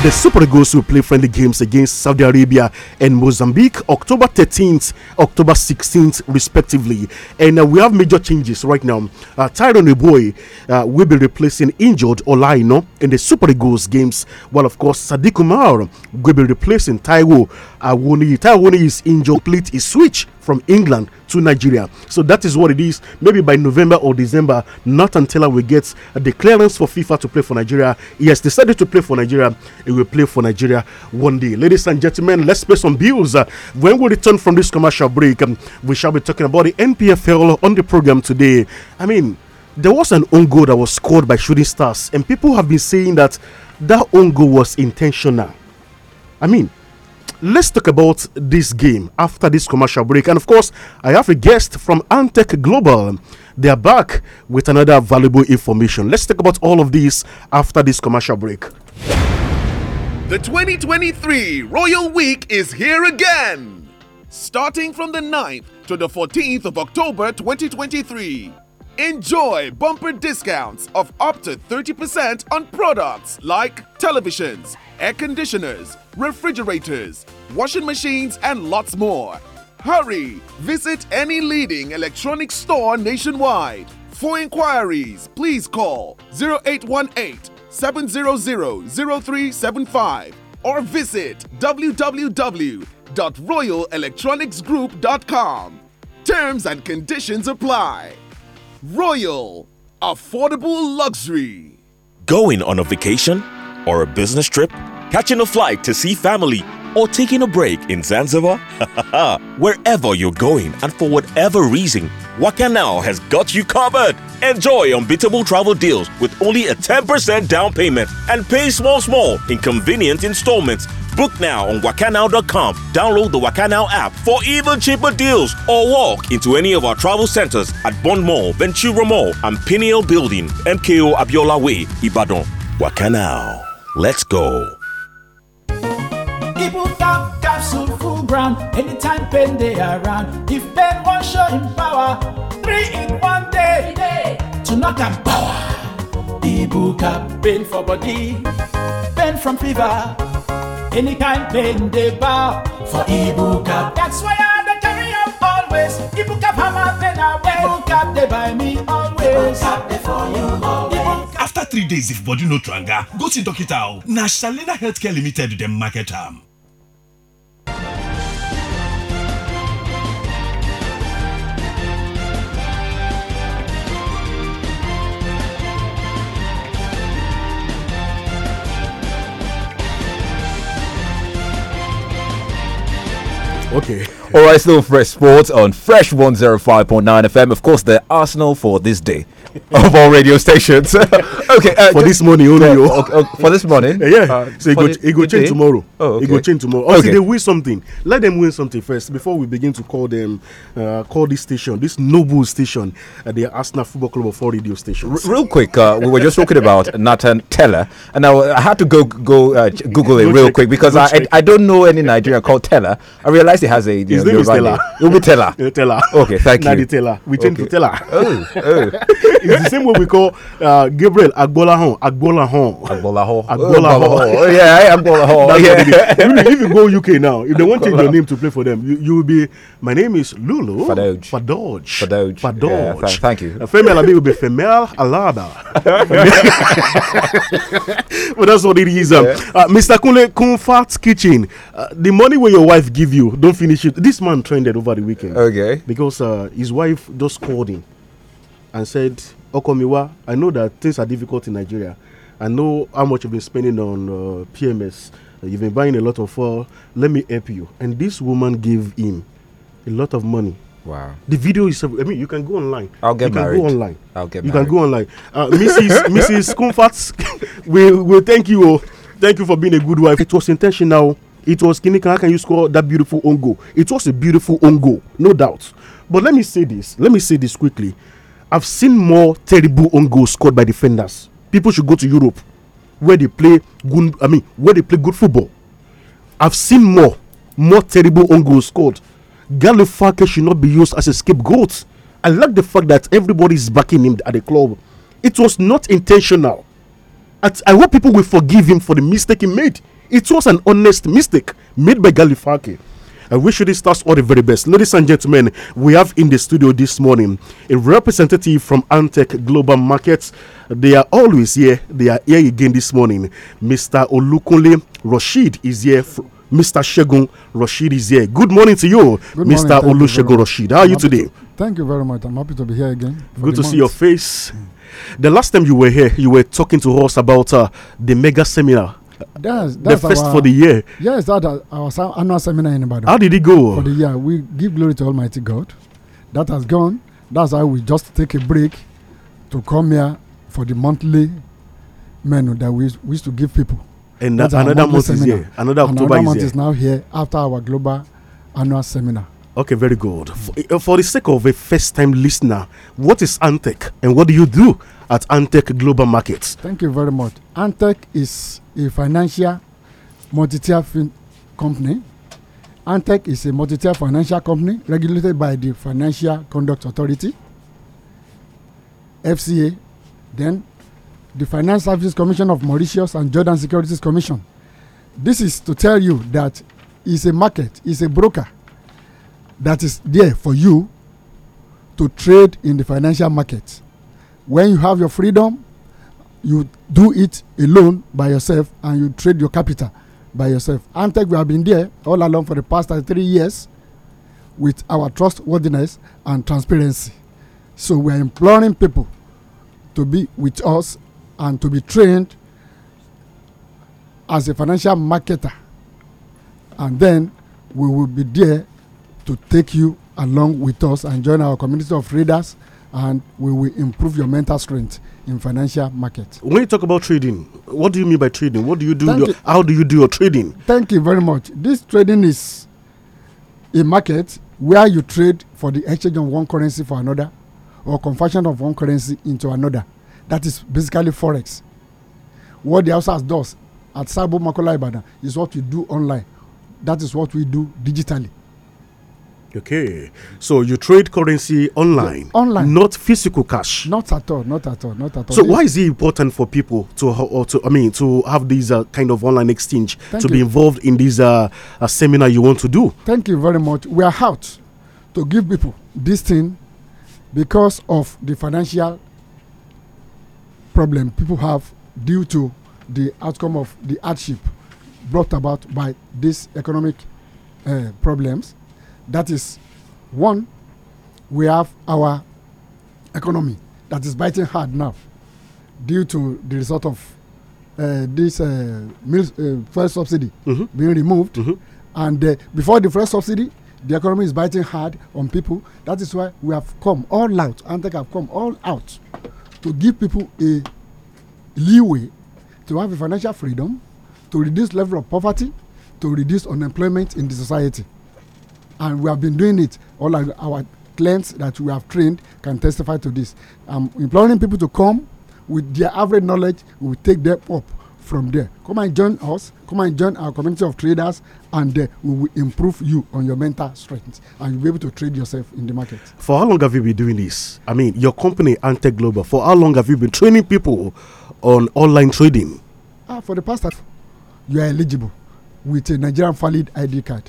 The Super Eagles will play friendly games against Saudi Arabia and Mozambique October 13th, October 16th, respectively. And uh, we have major changes right now. Uh, Tyrone Eboy uh, will be replacing injured Olaino in the Super Eagles games well, of course, Sadiq Umar will be replacing Taiwo Awoniyi. Uh, Taiwo Awoniyi is injured, plate is switched from England to Nigeria. So that is what it is. Maybe by November or December, Nathan Taylor will get the clearance for FIFA to play for Nigeria. He has decided to play for Nigeria. He will play for Nigeria one day. Ladies and gentlemen, let's pay some bills. Uh, when we return from this commercial break, um, we shall be talking about the NPFL on the program today. I mean, there was an own goal that was scored by shooting stars, and people have been saying that that own goal was intentional. I mean, let's talk about this game after this commercial break. And of course, I have a guest from Antec Global. They are back with another valuable information. Let's talk about all of this after this commercial break. The 2023 Royal Week is here again. Starting from the 9th to the 14th of October 2023. Enjoy bumper discounts of up to 30% on products like televisions, air conditioners, refrigerators, washing machines, and lots more. Hurry! Visit any leading electronics store nationwide. For inquiries, please call 0818 700 0375 or visit www.royalelectronicsgroup.com. Terms and conditions apply. Royal Affordable Luxury. Going on a vacation or a business trip, catching a flight to see family, or taking a break in Zanzibar? [laughs] Wherever you're going and for whatever reason, Waka has got you covered. Enjoy unbeatable travel deals with only a 10% down payment and pay small, small in convenient installments Book now on wakanow.com. Download the Wakanow app for even cheaper deals or walk into any of our travel centers at Bond Mall, Ventura Mall, and Pineal Building, MKO Abiola Way, Ibadan. Wakanow. Let's go. full ground anytime around if show power three in one day to knock power. Ibuka, pain for body, pain from fever, any kind pain they bar for Ibuka. That's why I the carry up always. Ibuka hammer pain away. Ibuka they buy me always. Ibuka they for you always. After three days, if body no tranga, go see doctor. Oh. National Shalina Healthcare Limited, the market am. Okay all right, still Fresh Sports on Fresh 105.9 FM. Of course, the Arsenal for this day [laughs] of all radio stations. [laughs] okay. Uh, for this morning only. Yeah, okay, okay, for this morning? [laughs] Yeah. Uh, so it go, it go change tomorrow. Oh, okay. It go change tomorrow. Obviously, okay. they win something. Let them win something first before we begin to call them, uh, call this station, this noble station, uh, the Arsenal Football Club of all radio stations. R real quick, uh, we were just talking about Nathan Teller. And now I had to go go uh, Google it go real check, quick because I, I, I, don't know any Nigerian called Teller. I realized he has a his name is Taylor. It be Okay, thank Nadi you. We change okay. to Taylor. Oh, oh. [laughs] it's the same way we call uh, Gabriel Agbolahon. Agbolahon. Agbolahon. Oh, Agbolahon. Oh, yeah, Agbolahon. yeah. if you go UK now, if they want to change your name to play for them, you, you will be. My name is Lulu. Fadoj. Fadoj. Fadoj. Fadoj. Yeah, th thank you. A female Abi will be Female Alada. [laughs] but that's what it is. Um, yeah. uh, Mr. Kunle Kunfat's Kitchen. Uh, the money where your wife give you, don't finish it. This this man trended over the weekend. Okay. Because uh, his wife just called him and said, Okomiwa, I know that things are difficult in Nigeria. I know how much you've been spending on uh, PMS. You've been buying a lot of oil. Let me help you. And this woman gave him a lot of money. Wow. The video is. I mean, you can go online. I'll get you married. You can go online. I'll get you married. You can go online. Uh, Mrs. Mrs. Comforts, we we thank you. Oh. Thank you for being a good wife. It was intentional it was Kinika, can you score that beautiful own goal? It was a beautiful own goal, no doubt. But let me say this. Let me say this quickly. I've seen more terrible own goals scored by defenders. People should go to Europe, where they play good. I mean, where they play good football. I've seen more, more terrible own goals scored. Galifake should not be used as a scapegoat. I like the fact that everybody is backing him at the club. It was not intentional. At, I hope people will forgive him for the mistake he made. It was an honest mistake made by Galifaki. I wish you this stars all the very best. Ladies and gentlemen, we have in the studio this morning a representative from Antec Global Markets. They are always here. They are here again this morning. Mr. Olukunle Rashid is here. Mr. Shegun Rashid is here. Good morning to you, Good Mr. Olushegun Rashid. How are you today? To, thank you very much. I'm happy to be here again. Good to month. see your face. Mm. The last time you were here, you were talking to us about uh, the mega seminar that's, that's the first our, for the year. Yes, that our annual seminar in Ibadan. How did it go? For the year, we give glory to Almighty God. That has gone. That's why we just take a break to come here for the monthly menu that we wish to give people. And that's another month seminar. is here. Another October another is month here. is now here after our global annual seminar. Okay, very good. For, eh, for, the sake of a first time listener, what is Antec and what do you do? at Antec Global Markets. Thank you very much. Antec is a financial multi-tier company. Antec is a multi-tier financial company regulated by the Financial Conduct Authority, FCA, then the Finance Services Commission of Mauritius and Jordan Securities Commission. This is to tell you that it's a market, it's a broker that is there for you to trade in the financial markets when you have your freedom you do it alone by yourself and you trade your capital by yourself antec we have been there all along for the past thirty-three years with our trustworthiness and transparency so we are imploring people to be with us and to be trained as a financial marketer and then we will be there to take you along with us and join our community of readers and we will improve your mental strength in financial market. When you talk about trading, what do you mean by trading? What do you do? Your, you. How do you do your trading? Thank you very much. This trading is a market where you trade for the exchange of one currency for another or conversion of one currency into another. That is basically forex. What the house does at Sabo Makola Ibadan is what we do online. That is what we do digitally Okay, so you trade currency online, online, not physical cash. Not at all. Not at all. Not at all. So why is it important for people to or to I mean to have these uh, kind of online exchange Thank to you. be involved in this uh, uh, seminar you want to do? Thank you very much. We are out to give people this thing because of the financial problem people have due to the outcome of the hardship brought about by these economic uh, problems That is, one, we have our economy that is biting hard now due to the result of uh, this uh, mil- uh, fuel subsidy mm -hmm. being removed. Mm -hmm. And uh, before the fuel subsidy, the economy is biting hard on people. That is why we have come all out, Antec have come all out to give people a leeway to have a financial freedom, to reduce level of poverty, to reduce unemployment in the society. and we have been doing it. All our, our clients that we have trained can testify to this. I'm imploring people to come with their average knowledge, we take them up from there. Come and join us, come and join our community of traders, and uh, we will improve you on your mental strength and you'll be able to trade yourself in the market. For how long have you been doing this? I mean, your company, Ante Global, for how long have you been training people on online trading? Ah, for the past, you are eligible with a Nigerian valid ID card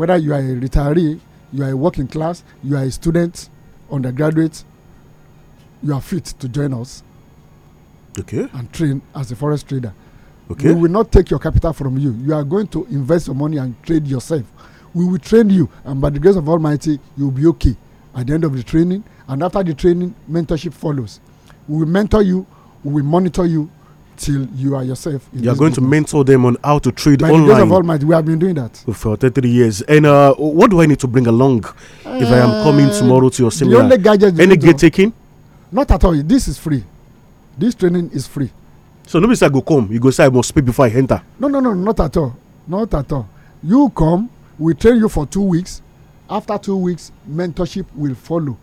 whether you are a retiree you are a working class you are a student undergraduate you are fit to join us okay and train as a forest trader okay we will not take your capital from you you are going to invest your money and trade yourself we will train you and by the grace of almighty you will be okay at the end of the training and after the training mentorship follows we will mentor you we will monitor you till you are yourself. You are going to mentor them on how to trade By online. The grace of Almighty, we have been doing that oh, for 33 years. And uh, what do I need to bring along uh, if I am coming tomorrow to your seminar? The only Any gate taking? Not at all. This is free. This training is free. So nobody say I go come. You go say I must pay before I enter. No, no, no, not at all. Not at all. You come, we train you for two weeks. After two weeks, mentorship will follow.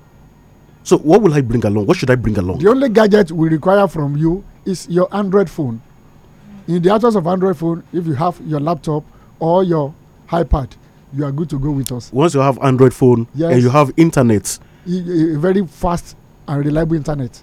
So what will I bring along? What should I bring along? The only gadget we require from you is your Android phone. In the absence of Android phone, if you have your laptop or your iPad, you are good to go with us. Once you have Android phone yes. and you have internet. a very fast and reliable internet.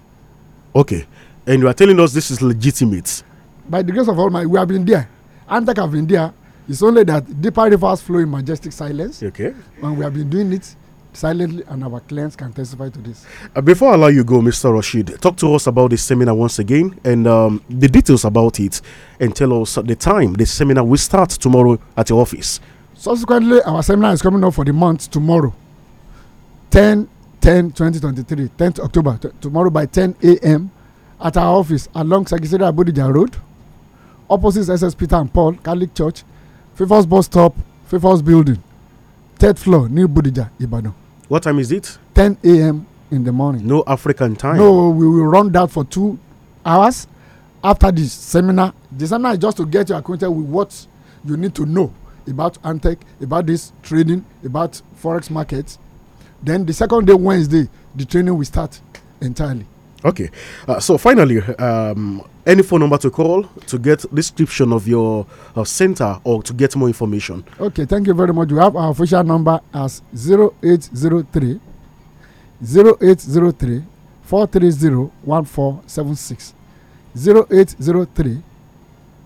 Okay. And you are telling us this is legitimate. By the grace of Almighty, we have been there. Antec have been there. It's only that deeper rivers flow in majestic silence. Okay. And we have been doing it silently, and our clients can testify to this. Uh, before I allow you go, Mr. Rashid, talk to us about the seminar once again and um, the details about it, and tell us the time the seminar will start tomorrow at your office. Subsequently, our seminar is coming up for the month tomorrow, 10 10 2023, 10th October, tomorrow by 10 a.m. at our office along Sagisera Abudija Road, opposite SS Peter and Paul Catholic Church, Fifos Bus Stop, Fifos Building, third floor, New Budija, Ibadan. What time is it? 10 a.m. in the morning. No African time. No, we will run that for two hours after this seminar. The seminar is just to get you acquainted with what you need to know about Antec, about this trading, about forex markets. Then the second day, Wednesday, the training will start entirely. Okay. Uh, so finally, um, any phone number to call to get description of your uh, center or to get more information. Okay, thank you very much. We have our official number as 0803 0803 430 1476. 0803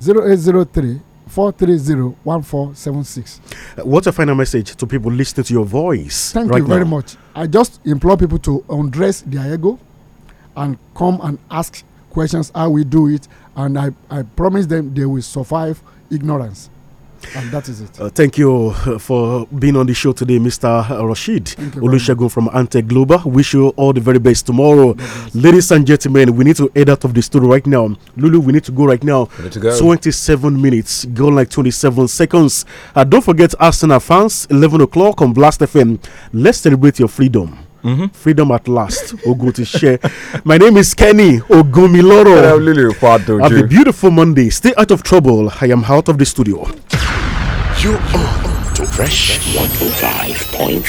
0803 430 1476. Uh, what's a final message to people listening to your voice? Thank right you very much. I just implore people to undress their ego and come and ask questions how we do it, and I, I promise them they will survive ignorance. And that is it. Uh, thank you uh, for being on the show today, Mr. Rashid Olusegun from Ante Global. Wish you all the very best tomorrow. Ladies and gentlemen, we need to head out of the studio right now. Lulu, we need to go right now. Go. 27 minutes, gone like 27 seconds. Uh, don't forget, Arsenal fans, 11 o'clock on Blast FM. Let's celebrate your freedom. Mm -hmm. Freedom at last, Ogun to share. My name is Kenny Ogumiloro. Have a beautiful Monday. Stay out of trouble. I am out of the studio. You are to Fresh 105.9.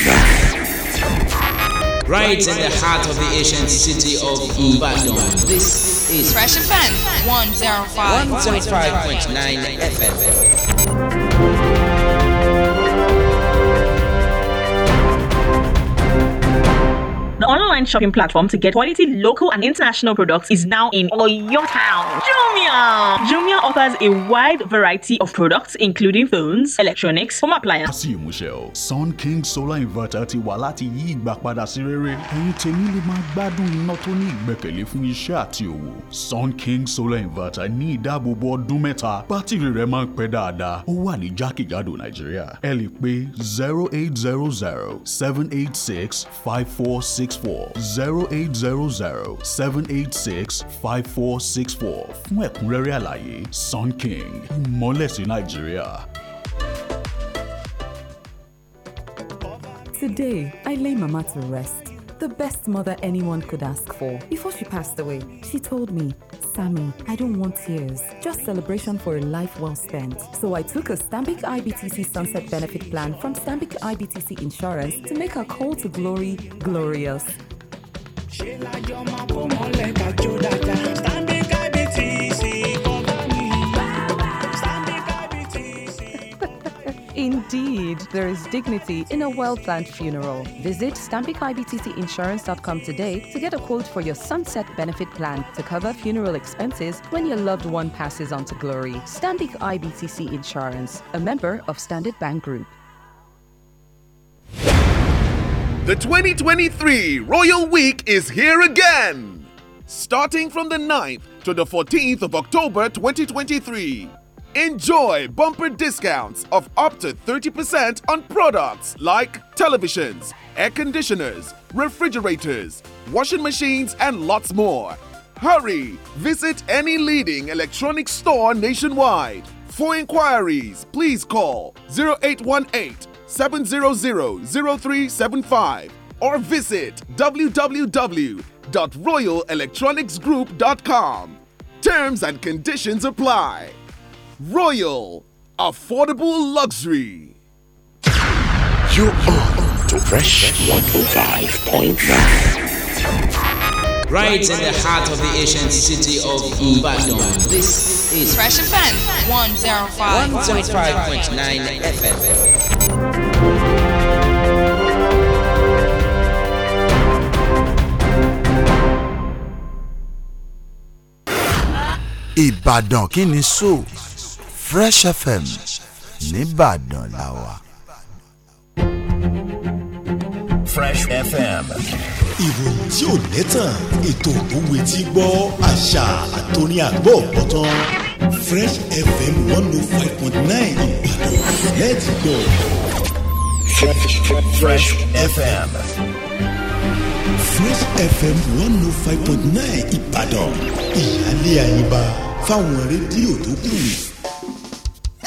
Right in the heart of the ancient city of Ibadan. This is Fresh Offense 105.9 FM. The online shopping platform to get quality local and international products is now in all your town. Jumia! Jumia offers a wide variety of products including phones, electronics, home appliances. Àti ìmúṣẹ o, Sun King Solar Inverter ti wà láti yí ìgbà padà sí rere. Ẹ̀yin tèmi lè máa gbádùn iná tó ní ìgbẹ́kẹ̀lé fún iṣẹ́ àti òwò. Sun King Solar Inverter ní ìdáàbòbò ọdún mẹ́ta. Bátìrì rẹ̀ máa ń pẹ́ dáadáa. Ó wà ní jákèjádò Nàìjíríà. Ẹ lè pe zero eight zero zero seven eight six five four six. 5464 0800 786 5464 fún ẹ̀kúnrẹ́rẹ́ àlàyé Sun King ìmọ̀lẹ́sí Nàìjíríà. Today, I lay Mama to rest. the best mother anyone could ask for. Before she passed away, she told me, Sammy, I don't want tears, just celebration for a life well spent. So I took a Stambic IBTC Sunset Benefit Plan from Stambic IBTC Insurance to make her call to glory glorious. Indeed, there is dignity in a well planned funeral. Visit StampicIBTCinsurance.com today to get a quote for your sunset benefit plan to cover funeral expenses when your loved one passes on to glory. Stambic IBTC Insurance, a member of Standard Bank Group. The 2023 Royal Week is here again! Starting from the 9th to the 14th of October 2023. Enjoy bumper discounts of up to 30% on products like televisions, air conditioners, refrigerators, washing machines, and lots more. Hurry! Visit any leading electronics store nationwide. For inquiries, please call 0818 700 0375 or visit www.royalelectronicsgroup.com. Terms and conditions apply. Royal Affordable Luxury. You are to Fresh 105.9. Right in the heart of the ancient city of Ibadan. This is Fresh FM 105.9 FM. Ìbàdàn kí so Fresh FM nìbàdàn la wà. Fresh FM. ìròyìn tí ò lẹ́tàn ètò òwe tí gbọ́ àṣà àtòrí àgbọ̀ ọ̀tán Fresh FM one oh five point nine ìbàdàn let's go. Fresh FM. Fresh FM one oh five point nine ìbàdàn ìyáálé àyíbá fáwọn rédíò tó kù.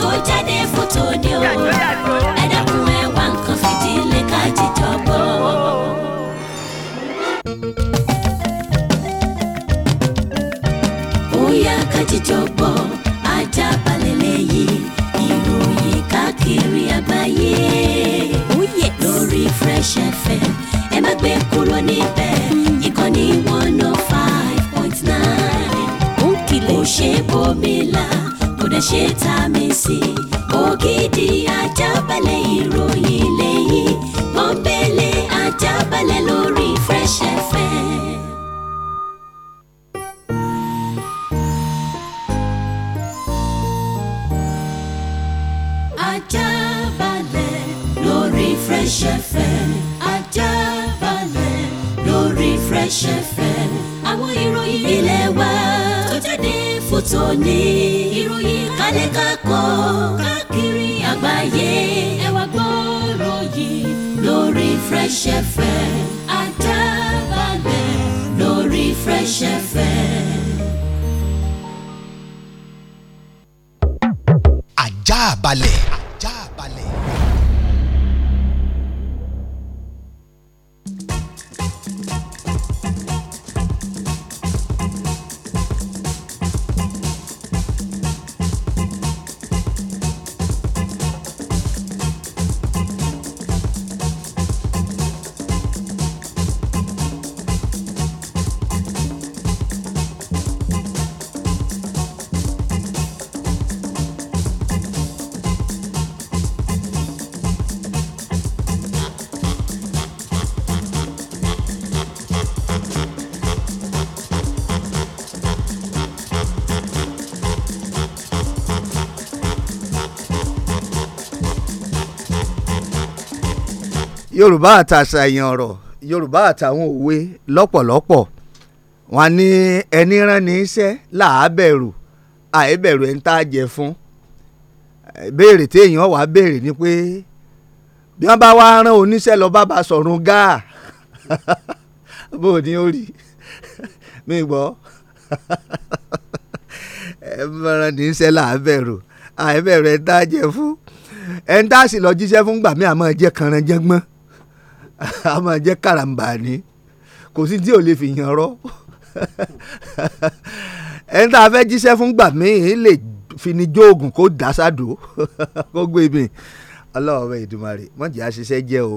tó jáde fún tòní o ẹ dákun ẹ wá nǹkan fìdílé ká jíjọ gbọ́. bóyá ká jíjọ gbọ́ ajá balẹ̀ lẹ́yìn ìròyìn káàkiri àgbáyé oh, lórí Fresh FM ẹ má gbé kúrò níbẹ̀ ìkànnì one oh five point nine kò ṣe bómi la ibẹ̀ ṣe tá a mi sí. ògidì ajabale ìròyìn lẹ́yìn pọ́npẹ́lẹ́ ajábalẹ̀ lórí Fresh FM. ajábalẹ̀ lórí Fresh FM ajábalẹ̀ lórí Fresh FM àwọn ìròyìn ilé wa tó jáde fún tòní ìròyìn kálẹ̀ kákọ́ káàkiri àgbáyé ẹ wá gbọ́rọ̀ yìí lórí Fresh FM Ajaabale lórí Fresh FM. yorùbá àtàṣàyàn ọ̀rọ̀ yorùbá àtàwọn òwe lọ́pọ̀lọpọ̀ wọn ní ẹni rán ní iṣẹ́ làábẹ̀rù àìbẹ̀rù ẹni tá a jẹ fún béèrè téèyàn wàá béèrè ni pé bí wọ́n bá wá rán oníṣẹ́ lọ bá ba sọ̀rùn gáà [laughs] bó o ní ó rí mi gbọ́ ẹ mọ̀ràn ní iṣẹ́ làábẹ̀rù àìbẹ̀rù ẹni tá a jẹ fún ẹni tá a sì lọ jíṣẹ́ fún gbàmí àmọ́ ẹ jẹ́ kànrán jẹ́gbọ́n [laughs] a máa jẹ́ kàràǹbà ni kò sí tí ò lè fi yan rọ́ [laughs] ẹni tá a fẹ́ jíṣẹ́ fún gbà míì lè fi ni jóògùn kó dá sádò [laughs] kó gbé mi ọlọ́run bẹ́ẹ̀ ìdùmarè mọ̀jì àṣìṣe jẹ́ o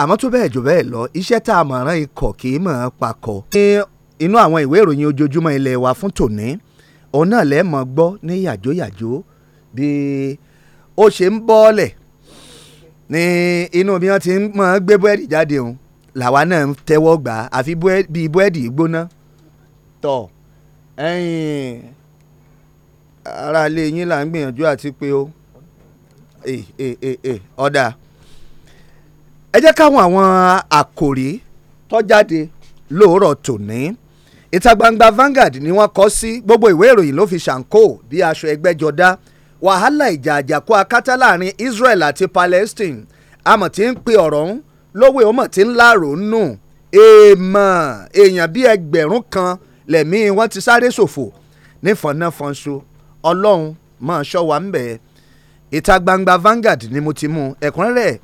àmọ́ tó bẹ́ẹ̀ jù bẹ́ẹ̀ lọ iṣẹ́ tá a mọ̀ rán ikọ̀ kì í mọ̀ ọ́n pakọ̀. ní inú àwọn ìwé ìròyìn ojoojúmọ́ ilẹ̀ wa fún tòní òun náà lẹ́ẹ̀ gbọ́ ní yàjóyàjó bí ó ṣe ń bọ́ọ̀lẹ̀ ní inú bí wọ́n ti máa gbé búrẹ́dì jáde òun làwa náà ń tẹ́wọ́ gbà á àfi bíi búrẹ́dì gbóná tọ̀ ẹ̀yìn ara ilé yín là ń gbìyànjú àti pé o ọ̀dà ẹ jẹ́ káwọn àwọn àkòrí tó lóòrọ̀ tòní ìta gbangba Vanguard ni wọ́n kọ sí gbogbo ìwé ìròyìn ló fi ṣàǹkó bí aṣọ ẹgbẹ́jọdá wàhálà ìjà àjàkú akátá láàrin Israel àti Palestine àmọ̀ tí ń pe ọ̀rọ̀ ọ̀hún lówó ìhòmọ̀ tí ń láàrò nù èèmọ̀ èèyàn bíi ẹgbẹ̀rún kan lẹ̀mí wọn ti sáré ṣòfò nífọ̀nàfọ̀nso ọlọ́run máa ṣọ́ wa ń bẹ̀ ìta gbangba Vanguard ni mo ti mú ẹ̀kúnrẹ́rẹ́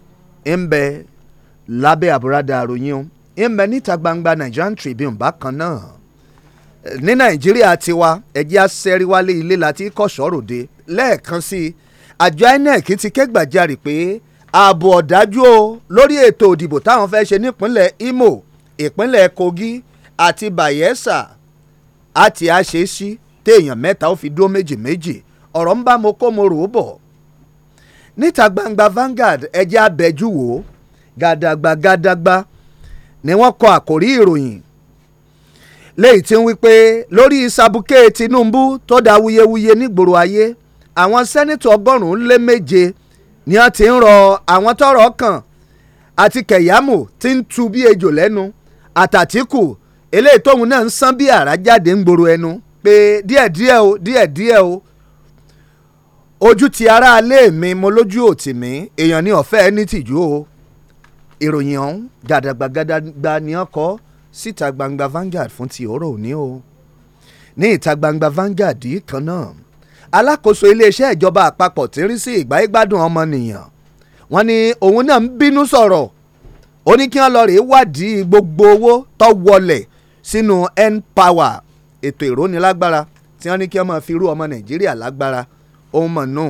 ń bẹ lábẹ́ àbúradà àròyìn ń bẹ níta gbangba Nigerian Tribune bákan náà ní nàìjíríà tiwa ẹ̀jẹ̀ aṣẹ́ríwálé ilé láti kọ̀ṣọ́ròde lẹ́ẹ̀kan sí i àjọ inec ti ké gbàjarì pé ààbò ọ̀dájú o lórí ètò òdìbò táwọn fẹ́ ṣe nípínlẹ̀ imo ìpínlẹ̀ kogi àti bayelsa àti àṣeéṣí téèyàn mẹ́ta ó fi dúró méjì méjì ọ̀rọ̀ ń bá mo kó mo rò ó bọ̀ níta gbangba Vanguard ẹjẹ́ abẹ́jú wò ó gàdàgbà gàdàgbà ni wọ́n kọ àkórí ìròyìn lẹ́yìn tí ń wí pé lórí sàbùkẹ́ Tinubu tó da wuyewuye nígboro ayé àwọn sẹ́nitọ̀ ọgọ́rùn-ún lé méje ni wọ́n ti ń rọ àwọn tọ́rọ̀ kàn àti Kẹ̀yámù ti ń tu bí ejò lẹ́nu àtàtìkù eléyìí tóun náà ń san bí àrá jáde ń gboro ẹnu pé díẹ̀díẹ̀ o díẹ̀díẹ̀ o ojú ti aráalé mi mo lójú òtì mi èèyàn ní ọ̀fẹ́ ní tìjú o ìròyìn ọ̀hún gàdàgbàgàdàgbà ni wọ́n ọ́ síta gbangba Vanguard fún ti òórọ̀ òní o ní ìta gbangba Vanguard yìí kan náà alákòóso iléeṣẹ́ ìjọba àpapọ̀ tí ń rí sí ìgbáyégbádùn ọmọnìyàn wọ́n ní òun náà ń bínú sọ̀rọ̀ ó ní kí wọ́n lọ rèé wádìí gbogbo owó tó wọlé sínú npower ètò ìrónilágbára tí wọ́n ní kí wọ́n máa fi rú ọmọ nàìjíríà lágbára òun mọ̀ nù.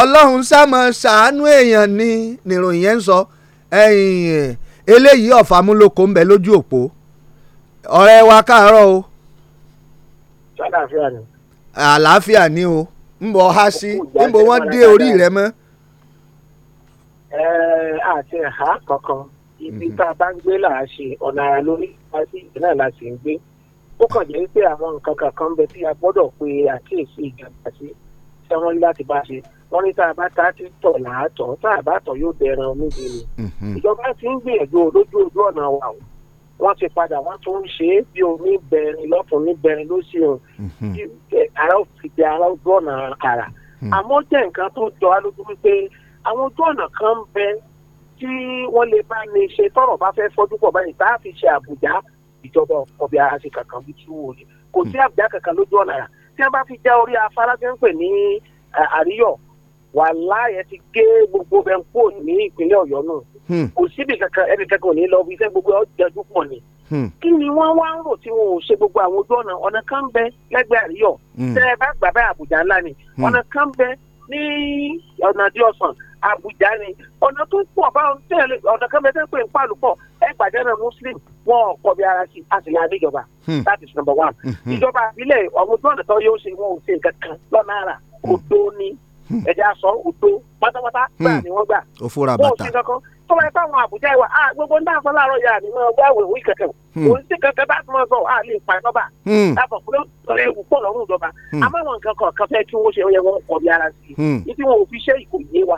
ọlọ́run sá máa ṣàánú èèyàn ní nìròyìn yẹn ń sọ ẹ̀yìn eléyìí ọ̀fàmúlòkó ń bẹ lójú òpó ọ̀rẹ́ wa káàárọ̀ o. àlàáfíà ni o mbọ ha sí mbọ wọn dé orí rẹ mọ́. ẹ àti ẹ̀há kankan ibi mhm. tá a bá ń gbé là á ṣe ọ̀nà ara lórí àti ìgbẹ́ náà la sì ń gbé ó pe àkíyèsí sí wọ́n ní láti bá wọ́n ní tá a bá ta ti tọ̀ láàtọ̀ tá a bá tọ̀ yóò dẹran níbi ni. Mhm. ìjọba ti ń gbìyànjú lójú ojú ọ̀nà wa o wọ́n ti padà wọ́n tún ń ṣe é bí oníbẹ̀rin lọ́tún níbẹ̀rin ló ṣe o mhm. ara ó ti di ara ojú ọ̀nà àrà mhm. àmọ́ jẹ́ nǹkan tó jọ alójú wípé àwọn ojú ọ̀nà kan ń bẹ tí wọ́n lè bá ní ṣe tọrọ bá fẹ́ fọ́jú pọ̀ báyìí tá a fi ṣe àbùjá ìjọba ọ̀bí ara ṣe kankan bí tí wò ni kò sí àbùjá kankan lójú ọ̀nà rà tí wọ́n bá fi já orí afárá tí wọ́n pè ní àríyọ̀ wàhálà yẹn ti gé gbogbo bẹ́ẹ̀ kó ní ìpínlẹ̀ ọ̀yọ́ náà hmm. kò síbi kankan ẹnì kankan ò ní lọ iṣẹ́ gbogbo ọ̀jẹ̀dú pọ̀ ni. Hmm. kí ni wọ́n wá ń rò tí wọn ò ṣe gbogbo àwọn ojú ọ̀nà ọ̀nà kan bẹ lẹ́gbẹ̀ẹ́ àríyọ̀ hmm. tẹ́ ẹ bá gbà bá àbújá ńlá ni ọ̀nà kan bẹ ní ọ̀nà àdí ọ̀sán àbújá ni ọ̀nà tó pọ̀ báwọn tẹ́lẹ̀ ọ̀nà kan bẹ tẹ́lẹ̀ pé ń pàlù pọ̀ náà muslim wọn kọ̀ bí ara sí àtìlẹ́ àdéjọba that is number one ìjọba àbílẹ̀ ọ̀gbọ́n tó yóò ṣe wọn ò ṣe nǹkan kan lọ́nà àrà òdo ni ẹ̀jẹ̀ aṣọ òdo pátápátá gbà hmm. ni wọ́n gbà. ó fúra bàtà bóòsì kankan tó bá yẹ káwọn àbújá ìwà á ah, gbogbo ní àṣọ láàárọ̀ yà ni mo gbà wẹ̀ wí kẹ̀kẹ́ o ní sí kankan bá tó máa sọ á ah, lè pa ẹ̀kọ́ bá láàbọ̀ fún lórí ewu pọ̀ lọ́rùn ìjọba hmm. àmọ́ àwọn nǹkan kọ̀ọ̀kan fẹ́ kí wọ́n ṣe ó yẹ kọ̀ bí ara sí i tí hmm. wọn ò fi ṣe ìkò wa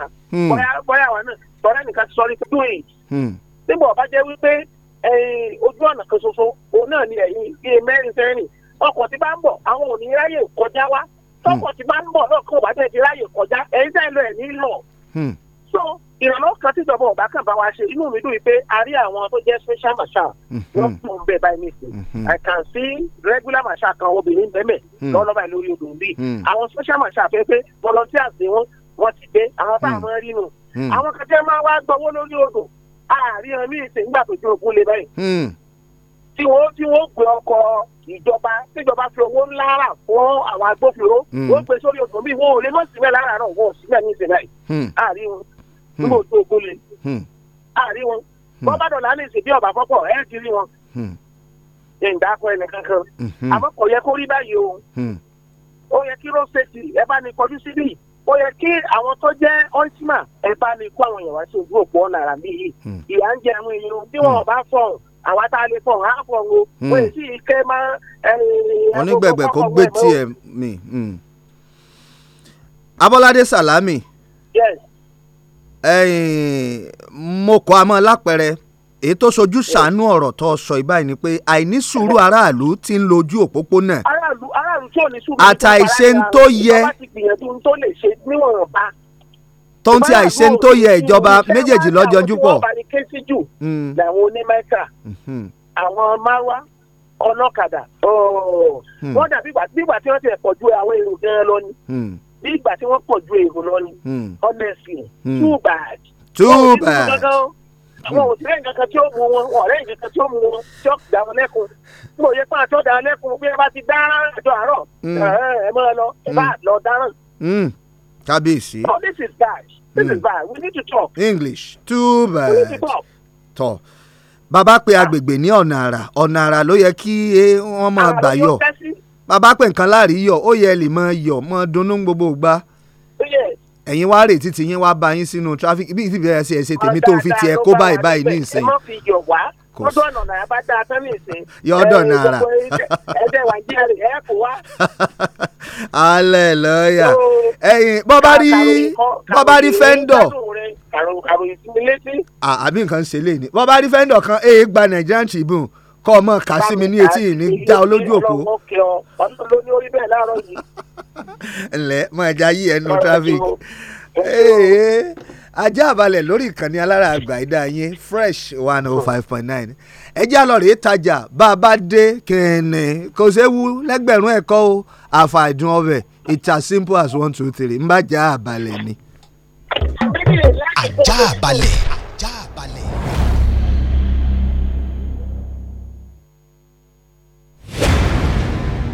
bóyá wa náà tọ́lá nìkan ti sọ ní dùn èyí nígbà ọba jẹ́ wípé ojú ọ̀nà kan ṣoṣo òun náà ni ẹ̀yìn bíi mẹ́rin sẹ́rìn ọkọ̀ tí bá ń bọ̀ àwọn ò ráyè kọjá wa tọkọ̀ tí bá ń bọ̀ náà kó wà bẹ́ẹ̀ di ráyè kọjá ẹ̀yin tẹ́ lọ ẹ̀ nílò. Hmm. so ìrànlọ́wọ́ kan tí ìjọba ọ̀bá kan bá wa ṣe inú mi dùn pé a rí àwọn tó jẹ́ special marshal hmm. wọ́n pọ̀ ń bẹ̀ báyìí nìsín hmm. I can see regular marshal kan obìnrin bẹ́mẹ̀ lọ́lọ́ba lórí odò ń bì àwọn special marshal fẹ́ pé volunteers ni wọ́n wọ́n ti dé àwọn bá àwọn rí nù àwọn kan tẹ́ máa wá gbọ́wọ́ lórí odò àárín ọmọ ìsìn nígbà tó ju ogun le báyìí tí wọ́n tí wọ́n gbé ọkọ̀ ìjọba tíjọba fi owó ńlá rà fún àwọn agbófinró hmm. wọ́n gbé sórí ọdún bíi wọn ò lè mọ̀ síbẹ̀ lára náà hmm. wọn ò síbẹ̀ ní ìsìn àárín wọn nígbà tó o gbólé àárín hmm. wọn bọ́ bá dọ̀là ní ìsìn bí ọ̀bà fọ́pọ̀ ẹ̀ ti rí wọn ìgbà akọ ẹnì kankan àmọ́ kò yẹ kó rí báyìí o ó yẹ kí road ẹ bá ní kọjú síbí ó yẹ kí àwọn tó jẹ́ ọ́ìsímà ẹ bá ní kó àwọn èèyàn sí ojú òpó ọ̀nà àràbí yìí ń jẹ àwa tá a lè fọ̀ á fọ̀ o wọ́n èsì ike máa. onígbẹ̀gbẹ̀ kò gbé tiẹ̀ mi. Hmm. Abọ́ládé Sàlámì. Yes. mo kọ́ amọ́ lápẹ̀rẹ̀ èyí tó sojú sànú ọ̀rọ̀ tó sọ ìbáyìí ni pé àìní sùúrù [laughs] aráàlú ti ń lójú òpópónà. aráàlú aráàlú tí ò ní sùúrù. àtàìṣe ń tó yẹ. àbá ti gbìyànjú ń tó tó ń ti àìṣe tó yẹ ìjọba méjèèjì lọ́jọ́jú pọ̀. ìjọba ni kéésì jù hmm. làwọn onímẹ́ta hmm. àwọn máwá ọlọ́kadà hmm. wọ́n dàbí ìgbà tí wọ́n ti pọ̀ ju àwọn èrò gan-an lọ ni bí ìgbà tí wọ́n pọ̀ ju èrò lọ ni honestly too bad. too bad. àwọn òṣèré nǹkan tí ó mú wọn ọ̀rẹ́ nǹkan tí ó mú wọn jọ́ dá wọn lẹ́kun mo yẹ pé àjọ dá wọn lẹ́kun bí ẹ bá ti dáràn àjọ àárọ̀ ẹ kábíyèsí. oh this is bad this mm. is hmm. bad we need to talk. english too bad. we need to talk. tọ́ bàbá pé agbègbè ní ọ̀nà àrà ọ̀nà àrà ló yẹ kí eh, wọ́n máa gbà yọ bàbá pé nǹkan láàrí yọ ó yẹ lè máa yọ máa dunnú gbogbo gbà oh, ẹ̀yin wá rètí tí yín wá bá yín sínú traffic bí ìdíbẹ̀rẹ̀ ṣe ṣe tèmi ah, tó fi tiẹ̀ kó báyìí báyìí ní ìsìn course. ọdún ọ̀nà náà bá dá a tẹ́lẹ̀ ṣe. yọ ọdún náà rà ẹ̀ẹ́dẹ̀ wà jẹ́ rẹ̀ ẹ̀ kó wá. hallelujah ẹyin bọ́bá rí bọ́bá rí fẹ́ńdọ̀. kàròyìn sí mi létí. àbí nǹkan ṣe lè ní bọ́bá rí fẹ́ńdọ̀ kan èyí gba Nigerian Tribune kọ́ ọmọ kà sí mi ní etí ìní dá olójú òpó. ǹlẹ́ máa jayé ẹnu traffic ajá àbálẹ̀ lórí ìkànnì alára àgbà ìdá yín fresh one oh five point nine ẹjẹ́ àlọ́rẹ̀ ìtajà bá a bá dé kìnìún kò séwu lẹ́gbẹ̀rún ẹ̀kọ́ o àfàìdùn ọbẹ̀ it's as simple as one two three ń bá já àbálẹ̀ ni. ajá àbálẹ̀. ajá àbálẹ̀.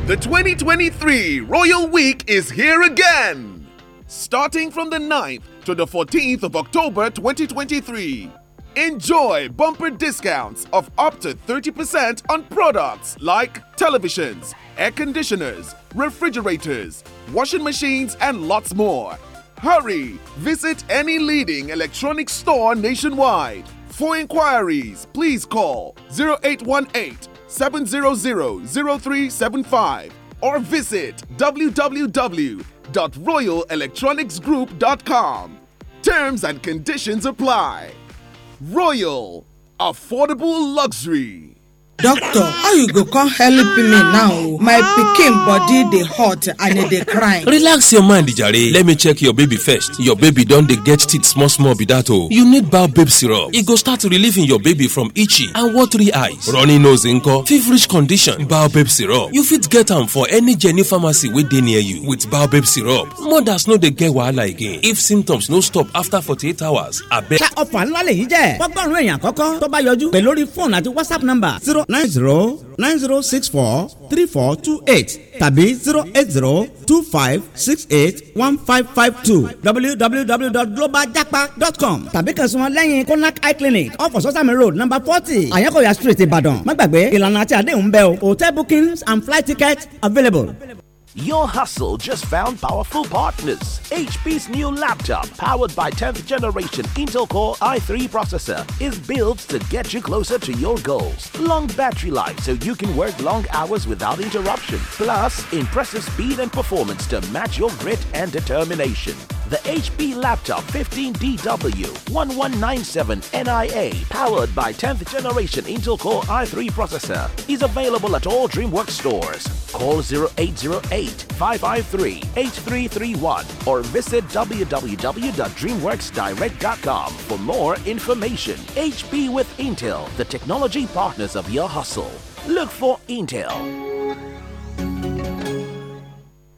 The 2023 Royal Week is here again. Starting from the 9th to the 14th of October 2023. Enjoy bumper discounts of up to 30% on products like televisions, air conditioners, refrigerators, washing machines, and lots more. Hurry! Visit any leading electronics store nationwide. For inquiries, please call 0818 700 0375 or visit www www.royalelectronicsgroup.com. Terms and conditions apply. Royal Affordable Luxury. doctor how you go come help me now my pikin body dey hot and e dey cry. relax your mind jare let me check your baby first your baby don dey get teeth small small be dat o oh. you need baobab syrup e go start relieving your baby from itchy and watery eyes runny nose nko feverish condition baobab syrup you fit get am for any jenny pharmacy wey dey near you with baobab syrup mothers no dey get wahala again if symptoms no stop after forty-eight hours abeg. ṣá ọ̀fà ńlá lèyí jẹ́ fọ́gbọ́n èèyàn àkọ́kọ́ tó bá yọjú pẹ̀lú orí fóònù àti whatsapp number zero nine zero nine zero six four three four two eight tàbí zero eight zero two five six eight one five five two www.globaljapa.com tàbí kàn sí wọn lẹ́yìn konak eye clinic off of sosami road number forty àyànkòyà street ìbàdàn má gbàgbé ìlànà àti àdéhùn bẹ́ẹ̀ o hotel bookings and flight tickets available. available. Your hustle just found powerful partners. HP's new laptop, powered by 10th generation Intel Core i3 processor, is built to get you closer to your goals. Long battery life so you can work long hours without interruption. Plus, impressive speed and performance to match your grit and determination. The HP Laptop 15DW1197NIA, powered by 10th generation Intel Core i3 processor, is available at all DreamWorks stores. Call 0808-553-8331 or visit www.dreamworksdirect.com for more information. HP with Intel, the technology partners of your hustle. Look for Intel.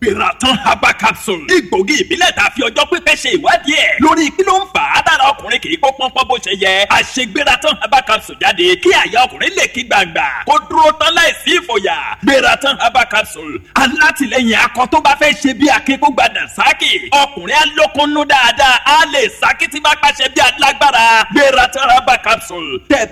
Beratan haba capsule. Igbògi ìbílẹ̀ tá a fi ọjọ́ pípẹ́ ṣe ìwádìí ẹ̀. Lórí kí ló ń fà á dára ọkùnrin kì í kó pọ́npọ́n bó ṣe yẹ. Àṣe Beratan herbal capsule jáde kí àyà ọkùnrin lè kí gbàngbà. Kó dúró tán láìsí ìfòyà. Beratan herbal capsule. Alátìlẹyìn akọ tó bá fẹ́ ṣe bí akékògbà dànsákì. Ọkùnrin alókunnú dáadáa á lè sákì tí bá pàṣẹ bí alágbára. Beratan herbal capsule. Tẹ̀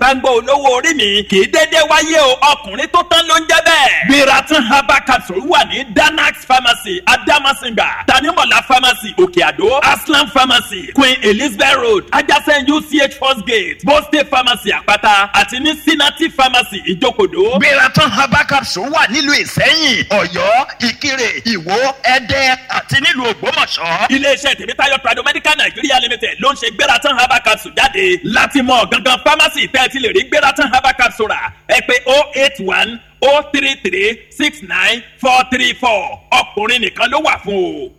Danax pharmacy pharmacy adamasinga tanimola pharmacy Okeado aslam pharmacy queen elizabeth road adjacent uch first gate State pharmacy àpáta àti ní sinati pharmacy ìjókòdó. gbératán herbal capsule wà nílùú ìsẹ́yìn ọ̀yọ́ ìkirè ìwó ẹdẹ àti nílùú ògbómọ̀ṣọ́. iléeṣẹ́ tèmítáyọ̀ prado medical nigeria limited ló ń ṣe gbératán herbal capsule jáde láti mọ̀ gangan pharmacy tẹ́ẹ̀tì lè rí gbératán herbal capsule rà ẹ pé oh eight one o three three six nine four three four ọkùnrin nìkan ló wà fún o.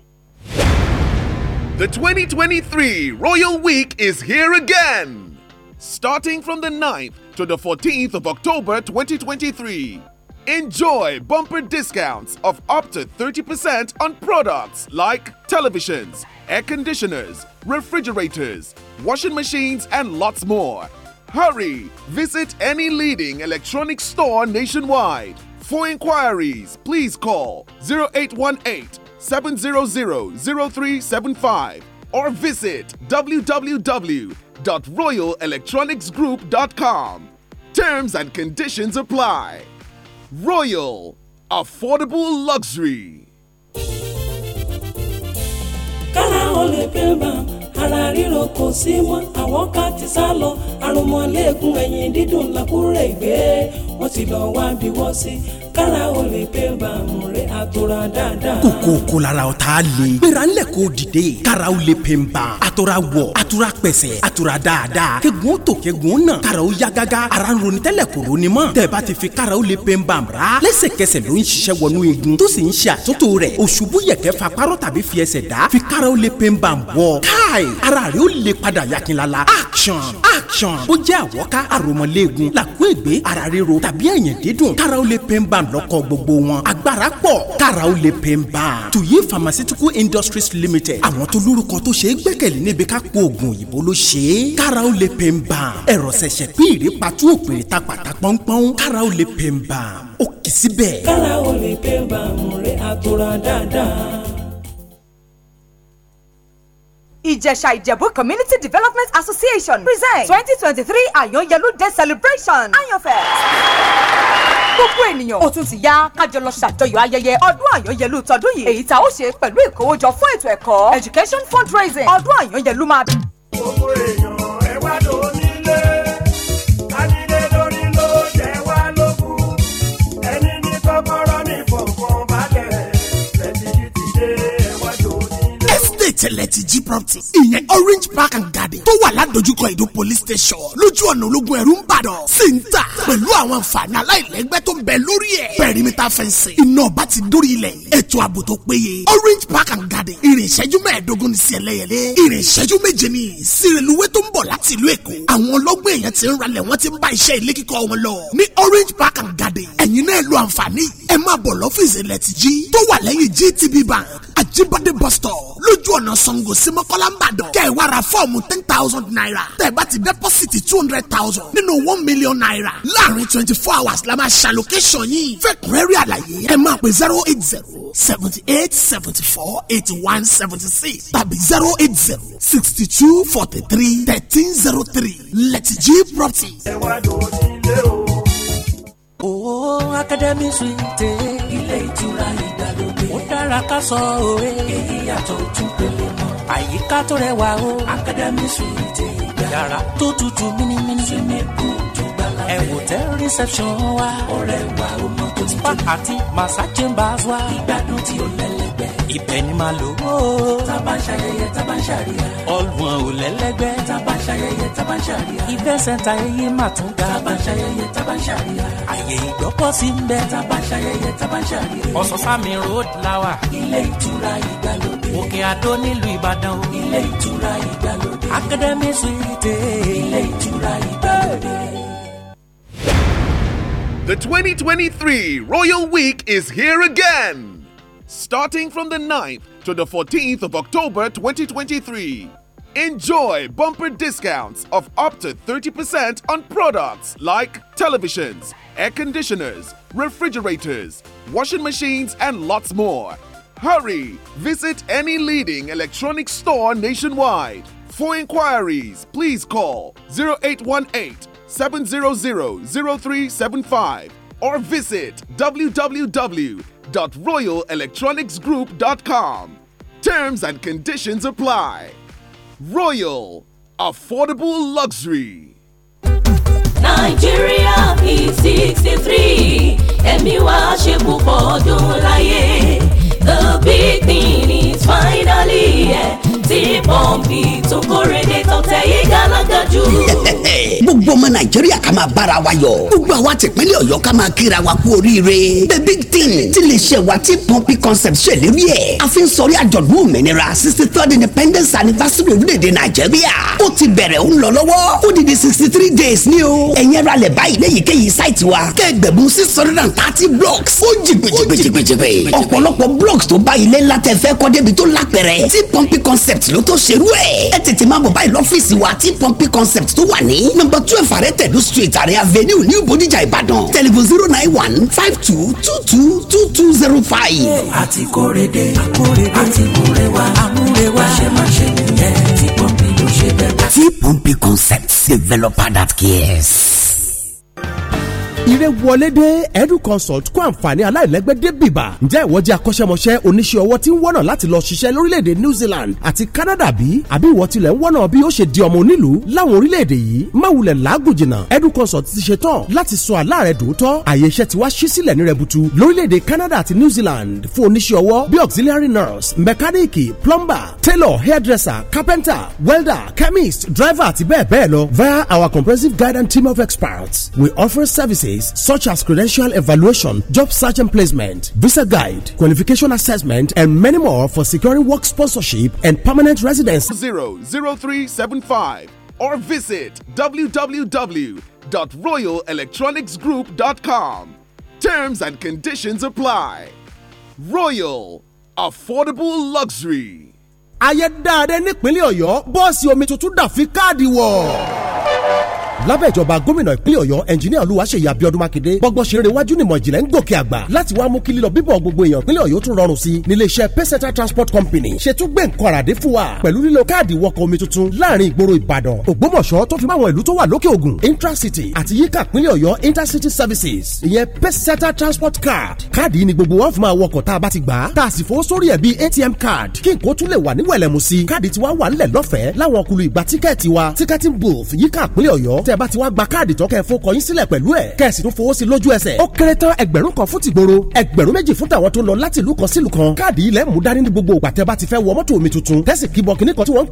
The 2023 Royal Week is here again, starting from the 9th to the 14th of October 2023. Enjoy bumper discounts of up to 30% on products like televisions, air conditioners, refrigerators, washing machines, and lots more Hurry! Visit any leading electronics store nationwide. For inquiries, please call 0818 700 0375 or visit www.royalelectronicsgroup.com. Terms and conditions apply. Royal Affordable Luxury. ara ríro kò sí mọ́ àwọn ká ti sá lọ àrùn mọ́lẹ́gùn ẹ̀yìn dídùn làkúrẹ́ ìgbé wọ́n ti lọ wá bí wọ́n sí kára o lè pé bàmù rẹ̀ àtòrà dáadáa. kòkó kò lára o tá a lè. gbéra ńlẹ̀ kò dìde. kára o lè pè ń ban. àtòrà wọ̀ àtòrà pẹ̀sẹ̀ àtòrà dáadáa. kegun tó kegun náà. kára o ya gágá. ara ń ronú tẹ́lẹ̀ kò ronú mọ́. tẹ̀bá ti fi kára o lè pè ń ban ra. lẹ́sẹ̀kẹsẹ̀ ló ń ṣiṣẹ́ wọnú igun. tó sì ń ṣe àtúntò rẹ̀. òṣùbù yẹ̀kẹ́ fa párọ̀ tàbí fi ẹsẹ̀ dá. fi kára o lè pè ń ban bọ̀. káì ara rẹ̀ ó lè padà yakinlala. action action ó jẹ́ àwọ́ká àròmọ̀lẹ́gun làkúègbé ara ríro t tàbí ẹ̀yìn dídùn karaw le pain balm lọ́kọ̀ gbogbo wọn agbára pọ̀ karaw le pain balm tuyi pharmaceutical industries limited àwọn tó lórúkọ tó ṣe é gbẹ́kẹ̀lé níbi ká po oògùn òyìnbó ló ṣe é karaw le pain balm ẹ̀rọ ṣẹ̀ṣẹ̀ pé ìrèpàtú òpèrè ta pàtà pọ́npọ́n karaw le pain balm ó kì í síbẹ̀. karaw le pain balm rẹ̀ àtúrà dáadáa Ìjẹ̀ṣà Ìjẹ̀bú Community Development Association present twenty twenty three Àyànyẹlú Day celebration Àyànfest. Gbogbo ènìyàn ó tún ti yá kájọ lọ ṣàjọyọ̀ ayẹyẹ ọdún Àyànyẹlú tọdún yìí. Èyí tá ó ṣe pẹ̀lú ìkówójọ fún ètò ẹ̀kọ́ education fundraising ọdún Àyànyẹlú máa. Gbogbo èèyàn ẹ wá lónìí. ìṣẹ̀lẹ̀ ti jí property ìyẹn orange park and garden tó wà ládojúkọ ìdó police station lójú ọ̀nà ológun ẹ̀rú ń bàdàn sí ń tà pẹ̀lú àwọn àǹfààní aláìlẹ́gbẹ́ tó ń bẹ lórí ẹ̀ pẹ̀rímítà fẹ́ǹsì iná ọba ti dórí ilẹ̀ ètò ààbò tó péye orange park and garden ìrìn ìṣẹ́jú mẹ́ẹ̀ẹ́dógún ní sí ẹlẹ́yẹlé ìrìn ìṣẹ́jú méje ní sírèlúwé tó ń bọ̀ láti ìlú èkó àwọn ọlọ́gbọ́n èèyàn ti ń ralẹ̀ wọ́n ti ń bá orange park and jáde ẹ̀yin náà lo àǹfààní yìí ẹ máa bọ̀ lọ́fíìsì lẹ́tì jí tó wà lẹ́yìn GTB bank àjíbádé bus stop lójú ọ̀nà Ṣàngó sí Mọ́kọ́lá ńbàdàn kẹ́ ẹ̀ fọ́ọ̀mù ten thousand naira tẹ́ ẹ bá ti dẹ́pọ́sìtì two hundred thousand nínú one million naira láàrin twenty four hours la máa ṣàlókẹ́sọ̀ yìí fẹ́kùnrẹ́rì àlàyé ẹ máa pè zero eight zero seventy eight seventy four eighty one seventy six tàbí zero eight zero sixty two forty three thirteen zero three lẹ́tì jí property. ẹ wá lóde ilé o. Academy Suite. Ilé ìtura ìgbàlódé. Ó dára ká sọ òwe. Èyí yàtọ̀ ojú pele mọ́. Àyíká tó rẹwà o. Academy Suite ìgbà. Yàrá tó tutù mímímí. Swimming pool tó gbàlá. Ẹ̀wò tẹ́ reception wa. Ọ̀rẹ́ wa o mọ tó spa àti massage chambers wa. ìgbádùn tí ó lẹ́lẹ́gbẹ́. ibẹ̀ ni màá lò ó. tábà ń ṣayẹyẹ tábà ń ṣàríyá. ọlùwọ̀n ò lẹ́lẹ́gbẹ́. tábà ń ṣayẹyẹ tábà ń ṣàríyá. ìfẹ́ sẹ́ńtà eyé máa tún ga. tábà ń ṣayẹyẹ tábà ń ṣàríyá. àyè ìgbọ́pọ̀ sí ń bẹ. tábà ń ṣayẹyẹ tábà ń ṣàríyá. ọ̀sánsámi road lawa. ilé ìtura ìgbàlódé. òkè àdó nílùú ìbàdàn o. ilé ìtura ìgbàlódé. academy suite. ilé ìtura ìgbàlódé The 2023 Royal Week is here again, starting from the 9th to the 14th of October 2023. Enjoy bumper discounts of up to 30% on products like televisions, air conditioners, refrigerators, washing machines, and lots more. Hurry! Visit any leading electronics store nationwide. For inquiries, please call 0818 700-0375 or visit www.royalelectronicsgroup.com. Terms and conditions apply. Royal Affordable Luxury. Nigeria P63 Ẹ̀mí wa ṣe púpọ̀ ọdún láyé. The big thing finally ẹ̀ tí pọ́ǹpì tó kórede tó tẹ̀ yí gàlágà jù. gbogbo ọmọ nàìjíríà ká máa bára wa yọ̀ gbogbo àwa tìpínlẹ̀ ọ̀yọ́ ká máa kíra wa kú oríire the big thing ti lè ṣe wa tí pọ́ǹpì concept ṣe lérí ẹ̀ a fi ń sọrí àjọ̀dún òmìnira sixty third independence anniversary orílẹ̀-èdè nàìjíríà ó ti bẹ̀rẹ̀ ó ń lọ lọ́wọ́ ó di di sixty three days ní o ẹ̀yẹn ra lẹ̀ báyìí léyìíkéyìí sáìtì wa kẹ́gbẹ̀bùn six hundred and thirty blocks ó jì gbèjìgbèjìgbèjìgbè ọ̀pọ̀lọpọ̀ blocks tó bá ilé ńlá tẹ fẹ́ kọ́ débi tó lápẹ̀rẹ̀ tí pọ́ǹpì concept ló tó ṣerú ẹ̀. ẹ tètè máa bọ̀ báyìí lọ́fíìsì wa tí pọ́ǹpì concept tó wà ní nọ́mbà twelve àrẹ́tẹ̀dú street àrẹ avenue new bodijà ìbàdàn tẹlifon zero nine one five two two two two two zero five. àti kórede àti kórewa àmúrewa ṣe máa ṣe nìyẹn tí pọ́ǹpì ló ṣe bẹ́ẹ̀. tí pọ́ǹpì concept developer that cares ìrẹ́wọlédé educonsult kó àǹfààní aláìlẹ́gbẹ́ dé bìbà ǹjẹ́ ìwọ jẹ́ akọ́ṣẹ́mọṣẹ́ oníṣẹ́ ọwọ́ tí ń wọ́nà láti lọ ṣiṣẹ́ lórílẹ̀‐èdè New Zealand àti Canada bí àbí ìwọ tilẹ̀ ń wọ́nà bí ó ṣe di ọmọ onílùú láwọn orílẹ̀‐èdè yìí má wulẹ̀ làágùn jìnnà educonsult ti ṣe tán láti sọ àlá rẹ dòótọ́ àyè iṣẹ́ ti wá ṣí sílẹ̀ ní rẹbutu lórílẹ̀ Canada àti New Zealand fún oníṣẹ́ ọwọ́ bí auxiliary nurse mẹkáníìkì plumber tailor hairdresser carpenter welder chemist driver àti bẹ́ẹ̀ bẹ́ẹ̀ lọ via our comprehensive guidance team of experts we offer services services such as credential evaluation, job search and placement, visa guide, qualification assessment, and many more for securing work sponsorship and permanent residence. 00375 or visit www.royalelectronicsgroup.com. Terms and conditions apply. Royal Affordable Luxury. ayédáadé nípínlẹ̀ ọ̀yọ́ bọ́ọ̀sì omi tuntun fi káàdì wọ̀. lábẹ́ ìjọba gómìnà ìpínlẹ̀ ọ̀yọ́ ẹnjìníà olúwaṣeyì abiodun makinde gbọgbọ́ ṣeré wájú nímọ̀ ìjìnlẹ̀ ń gòkè àgbà láti wá mú kí lílọ bíbọ̀ gbogbo èèyàn ìpínlẹ̀ ọ̀yọ́ tún rọrùn sí nílé iṣẹ́ peseta transport company ṣètú gbé nǹkan àràdé fún wa pẹ̀lú lílo káàdì ìwọkọ̀ omi tuntun láàrin ìgboro ìbàdàn ògbómọ̀ṣọ́ tó fi máwọn ìlú tó wà lókè ògùn intracity àti yíká ìpínlẹ̀ ọ̀yọ́ intercity services ìyẹn peseta transport card káàdì ni gbogbo wa fi máa wọkọ̀ tá a bá atm card kí nǹkó tún lè wà ní wẹ̀lẹ̀mú sí káàdì tiwa wà ńlẹ̀ lọ́fẹ̀ẹ́ láwọn ọkùnrin tẹ́ ẹ bá ti wá gba káàdì tó kẹ́ kọyín sílẹ̀ pẹ̀lú ẹ̀ kẹ́sì tún fowó sí lójú ẹsẹ̀ ó kéré tán ẹgbẹ̀rún kan fún tìgboro ẹgbẹ̀rún méjì fún tàwọn tó lọ láti ìlú kan sílùú kan káàdì ilẹ̀ mú dání ní gbogbo ìgbà tẹ́ bá ti fẹ́ wọ mọ́tò omi tuntun tẹ́sì kíbọ̀ kíní kan tí wọ́n ń